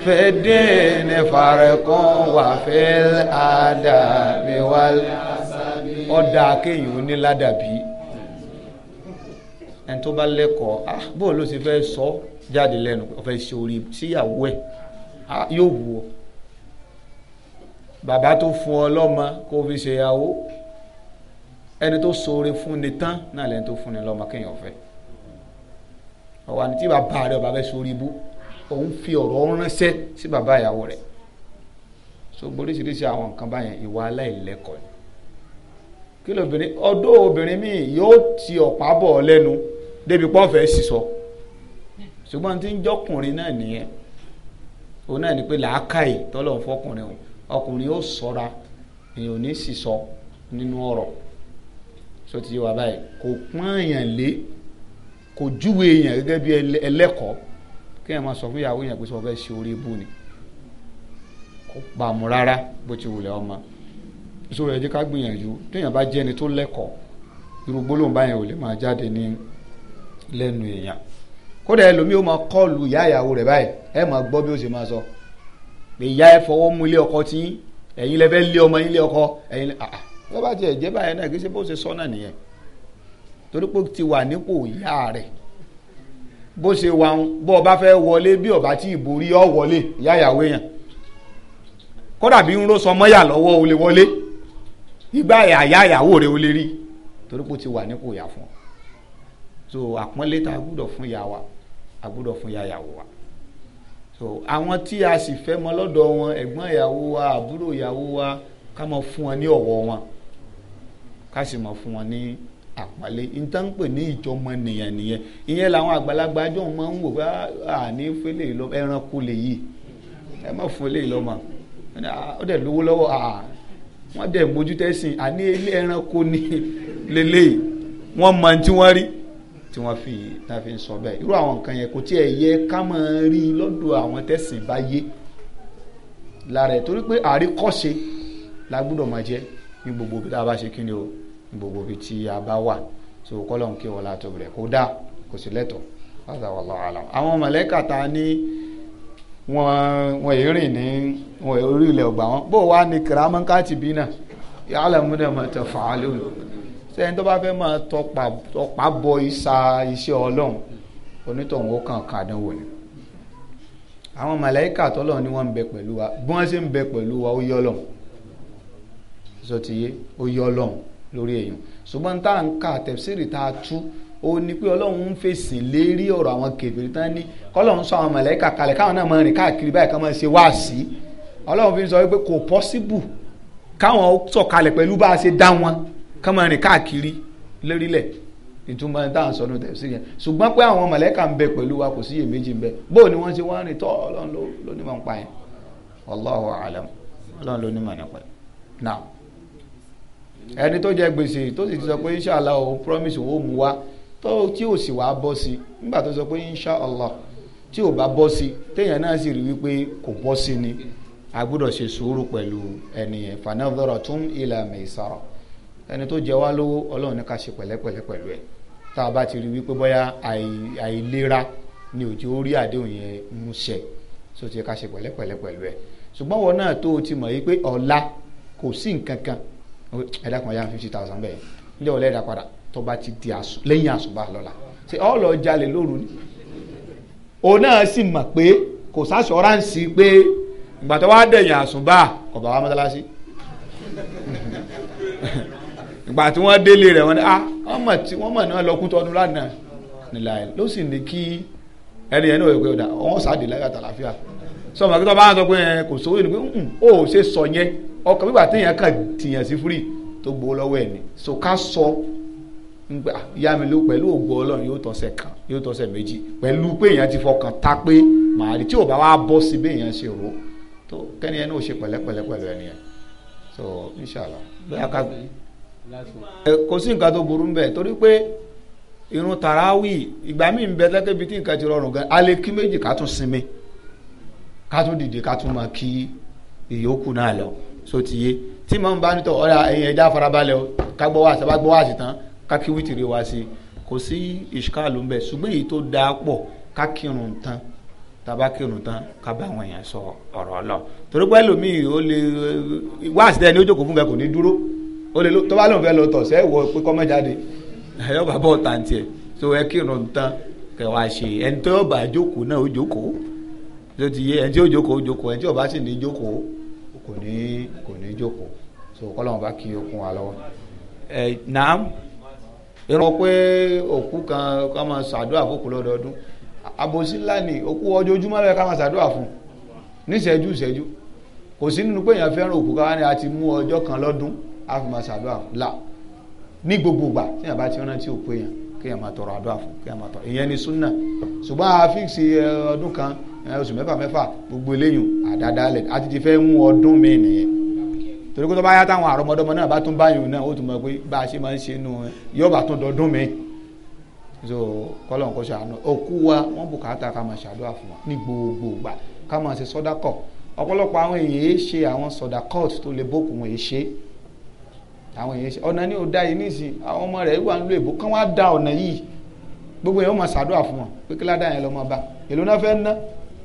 Speaker 1: fìdí ní farikún wà fi àdábẹ́ wà hasabi. ọ̀dà kéèyàn ní ládàbí ẹni tó bá lẹ́kọ̀ọ́ ah bó ló ṣe fẹ́ sọ jáde lẹ́nu ọ̀fẹ́ ṣe orí síyàwó ẹ̀ ah, yóò wù ọ́ bàbá tó fún ọ lọ́mọ kó fi ṣèyàwó ẹni tó ṣoore fún ni tán náà lẹni tó fún ni lọ́mọ kéèyàn fẹ́ ọwọ àti tí bàbá rẹ bàbá sórí ibú òun fi ọ̀rọ̀ ránṣẹ́ sí bàbá ìyàwó rẹ so gbóríṣiríṣi àwọn nǹkan báyẹn ìwà aláìlẹ́kọ̀ọ́ ni kí lóbìnrin ọ̀dọ̀ obìnrin míì yóò ti ọ̀pá bọ̀ lẹ́nu débi pọ́fẹ́ sísọ ṣùgbọ́n tí ń jọkùnrin náà nìyẹn òun náà ni pé làákàyè tọ́lọ̀ fọkùnrin òun ọkùnrin ó sọ́ra èèyàn ò ní sì sọ nínú ọ̀rọ̀ so ti wà báyìí kò pọ́n èèyàn lé kò júwe èèyàn gẹ́gẹ́ bí ẹlẹ́kọ̀ọ́ kí èèyàn máa sọ fún ìyàwó èèyàn pé sọ fẹ́ ṣe orí ibú ni kò bá mu rárá bó ti wùlẹ̀ ọmọ so ẹ jẹ́ ká gbìyànjú téèyàn bá jẹ́ ẹni tó lẹ́kọ̀ọ́ irú gbólóhùn báyẹn ò lè máa jáde ní lẹ́nu èèyàn kódà ẹlòmíì ó máa kọ́ọ̀lù ìyá ìyàwó rẹ̀ báyìí ẹ máa gbọ́ bí ó ṣe máa sọ so pé ìyá ẹ fọwọ́ mú ilé ọkọ tí ẹ̀yin lẹ fẹ́ lé ọmọ yín lé ọkọ ẹ̀yin àà wọ́n bá tiẹ̀ jẹ́ báyẹn náà kì í ṣe bó ṣe sọ náà nìyẹn torí pé ti wà nípò ìyá rẹ̀ bó ṣe wà ń bọ́ ọba fẹ́ wọlé bí ọba tí ìborí ọ wọlé ìyá ìyàwó èèyàn kódà bí ń ró sọmọ́yà lọ́wọ́ o lè wọlé ìgbà àyà ìyàwó rẹ̀ o lè rí torí pé ti wà nípò ìyá fún ọ so àpọ́nlé ta gbúdọ̀ fún ìyá wa a gbúdọ̀ fún ìyá ìyàwó wa so àwọn tí a sì fẹ́ mọ lọ́dọ̀ wọn ẹ̀gbọ́n ìyàwó wa àbúrò ìyàwó wa ká mọ fún wọn ní ọ̀wọ̀ wọn ká sì mọ fún wọn ní àpọ́nlé níta ń pè ní ìjọmọ nìyẹn nìyẹn ìyẹn làwọn àgbàlagbà jọ máa ń wò pé àní fẹlẹ lọ ẹranko lè yí ẹ má fún eléyìí lọ mọ ó dẹ̀ lówó lọ́wọ́ wọ́n dẹ̀ mójútẹ́sìn àní ẹranko ni lélẹ́yìí wọ́n mọ tí wọ́n rí tí wọ́n fi tán fi ń sọ bẹ́ẹ̀ irú àwọn nǹkan yẹn kò tiẹ̀ yẹ ká máa rí i lọ́dọ̀ àwọn tẹ̀sìn bá yé lára ẹ̀ torí pé àríkọ́ṣe la gbọ́dọ̀ máa jẹ́ ní gbogbo ibi tá a bá ṣe kíni o ní gbogbo ibi tí a bá wà so kọ́lọ̀ ń kí wọn látọ̀ rẹ̀ kó dáa kò sí lẹ́tọ̀ wàhálà wàhálà wàhálà àwọn mọ̀lẹ́kà ta ní wọn wọn èyí rìn ní wọn orí ilẹ̀ ọgbà wọn bó wàá ní kìrámọ́ńkà ti bí náà yàrá múnà mọ́tò fàálù sẹ́yìn tó bá fẹ́ máa tọpa bọ ìsà iṣẹ́ ọlọ́run onítọ̀hún ó kàn kàn dánwò ni àwọn màláìkà tọ́lọ̀ ni wọ́n ń bẹ pẹ̀lú wa bí wọ́n ṣe ń bẹ pẹ̀lú wa ó yọ ọlọ́run sọ ti yé ó yọ ọlọ́run lórí èèyàn ṣùgbọ́n tá à ń ka tẹ̀síìrì tá a tú ó ní pé ọlọ́run ń fèsì lérí ọ̀rọ̀ àwọn kèfèrí tán ní kọ́lọ́run sọ àwọn màláìkà kalẹ̀ káwọn náà máa rìn káàkiri báyìí ká máa ṣe wáàsí ọlọ́run fi sọ wípé kò pọ́síbù káwọn sọ̀kalẹ̀ pẹ̀lú bá a ṣe dá wọn kán káàkiri lórílẹ̀ ìtumọ̀ ẹni táwọn sọnù tẹ̀sí yẹn ṣùgbọ́n pé àwọn mọ̀lẹ́kà ń bẹ pẹ̀lú wa kò sí méjì ń bẹ bóò ni wọ́n ṣe wá rìn tọ́ ọlọ́run ló ní máa pa yẹn ọlọ́run ló ní nípa yẹn now ẹni tó jẹ gbèsè tó sì ti sọ pé promise mú wa tó tí ò sì wá bọ́ bọ́ sí téèyàn náà ẹni tó jẹ wá lówó ọlọ́run ní ká ṣe pẹ̀lẹ́pẹ̀lẹ́ pẹ̀lú ẹ̀ tá a bá ti rí wípé bóyá àìlera ni òjò orí àdéhùn yẹn ń ṣe so ti ká ṣe pẹ̀lẹ́pẹ̀lẹ́ pẹ̀lú ẹ̀ ṣùgbọ́n wọn náà tó o ti mọ̀ yí pé ọ̀la kò sí nǹkan kan ẹ̀dá kan yá fifty thousand bẹ́ẹ̀ ilé ọ̀la ẹ̀dá padà tó bá ti di lẹ́yìn àsùnbà lọ́la ṣe ọ́ lọ jalè lóru ni òun náà sì mọ̀ pé kò sáṣọ́ránsì pé ìgbà tó wá dẹ̀yìn àsùnbà ọ̀bà wa mọ́tálásí ìgbà tí wọ́n délé rẹ̀ wọ́n ní ah wọ́n mọ̀ tí wọ́n mọ̀ náà lọ kú tọdún lánàá nílà ẹ̀ ló sì ní kí ẹni yẹn náà yẹ pé ọ̀dà wọ́n sáàdì láyà tàlàfíà sọmọ kí tó bá sọ pé kò sówó ni pé ó ṣe sọ yẹn ọkàn bíbà téèyàn kàn tìyàn sí fúrì tó gbowó lọ́wọ́ ẹ̀ ni so ká sọ nígbà ah, ìyá mi ló pẹ̀lú ògbó ọlọ́run yóò tọ́sẹ̀ kan yóò tọ́sẹ̀ méjì pẹ̀lú pé èèyàn ti fọkàn ta pé màá rí tí ò bá wá bọ́ sí bí èèyàn ṣe rò tó kẹ́ni ẹni ò ṣe pẹ̀lẹ́pẹ̀lẹ́ pẹ̀lú ẹni yẹn so inshallah bẹ́ẹ̀ ká kò sí nǹkan tó burú mbẹ torí pé irun tàràwì ìgbà míì ń bẹ lẹ́kẹ́bi tí nǹkan ti rọrùn gan a lè kí méjì ká tún sinmi ká tún dìde ká tún máa kí ìyókù náà lọ so ti yé tí màá bá nítọ̀ ọ̀rẹ́ ẹ̀yìn ẹja farabalẹ̀ o ká gbọ́ wá sí bá gbọ́ wá sí tán ká kí wítìrì wá sí kò sí ìṣkáàlù ń bẹ ṣùgbọ́n èyí tó dáa pọ̀ ká kírun tán tàbá kírun tán ká bá àwọn èèyàn sọ ọ̀rọ̀ ọlọ́ torí pé ó lè wá sí tẹ́ ẹni ó jókòó fún kẹ́ kò ní dúró ó lè tó bá lóun fẹ́ lọ tọ̀ sẹ́ wọ pé kọ́ mọ́ jáde ẹ̀yọ́ bàbá ọ̀tá ń tiẹ̀ so ẹ kírun tán kẹ wá ṣe ẹni tó bá jókòó náà ó jókòó tó ti yé ẹni tí ó jókòó jókòó ẹni tí ó sì ní jókòó kò ní kò ní jókòó so kọ́lọ́wọ́n bá kí okun wa lọ́wọ́ ẹ nàám ìrọ̀ pé òkú kan ká máa ṣàdúrà fókù lọ́dọọdún àbòsí ńlá ni òkú ọjọ́júmọ́ lọ́yẹ ká máa ṣàdúrà fún níṣẹ́jú ìṣẹ́jú kò sí nínú pé èèyàn fẹ́ràn òkú ká wá a ti mú ọjọ́ kan lọ́dún a fi máa ṣàdúrà fún la ní gbogbo ìgbà tí yàrá bá ti rántí òkú èèyàn kí yàrá máa tọrọ àdúrà fún kí yàrá máa tọrọ ìyẹn ni súnà ṣùgbọ́n a fíìsì ọdún kan oṣù mẹ́fà mẹ́fà gbogbo eléyìn àdádálẹ̀ a ti ti fẹ́ mú ọdún mi nìyẹn torí kó tó bá yá táwọn àrọmọdọ́mọ náà bá tún báyìí náà ó tún mọ̀ pé bá a ṣe máa ń ṣe nù yóò bá tún dọdún mi so kọlọ̀ kó ṣàánú òkú wa wọ́n bùkátà ká máa ṣàdúrà fún wa ní gbogbo ìgbà ká máa ṣe sọ́dákọ̀ ọ̀pọ̀lọpọ̀ àwọn èèyàn ṣe àwọn sọ̀dákọ̀t tó lè bókun èèyàn ṣe é àwọn èèyàn ṣe ọ̀nà ni ò da yìí nísìn àwọn ọmọ rẹ̀ wà ń lo èbó kán wá da ọ̀nà yìí gbogbo èèyàn máa ṣàdúrà fún wọn pé kí ládàá yẹn lọ́mọ bá èló náà fẹ́ ná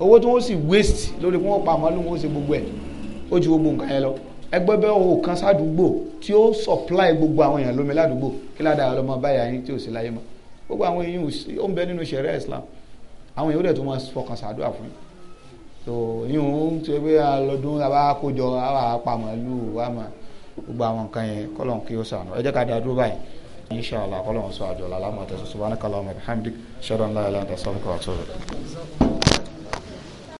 Speaker 1: owó tí wọ́n sì waste lórí kí wọ́n pa àmọ́ lóun ó ṣe gbogbo ẹ̀ ó ju gbogbo nǹkan yẹn lọ ẹgbẹ́ bẹ́ẹ̀ o kan sádùúgbò tí ó supply gbogbo àwọn èèyàn lómi ládùúgbò kí ládàá yẹn lọ́mọ báyà yín tí ò sí láyé mọ́ gbogbo àwọn èèyàn ó ń bẹ nínú ṣẹ̀rẹ́ Islam àwọn so yín ó ń tó pé lọ́dún àbá gbogbo àwọn nǹkan yẹn kọ́lọ́n kí ó sànù ẹ jẹ́ ká dáa dúró báyìí inṣàlá kọ́lọ́n sọ àjọ làlámọ̀ tẹ̀sán subhanakallahumma bihamdik ṣẹ́dọ̀ ńlá yàrá ìdásọ́lùkọ́ àtúrò.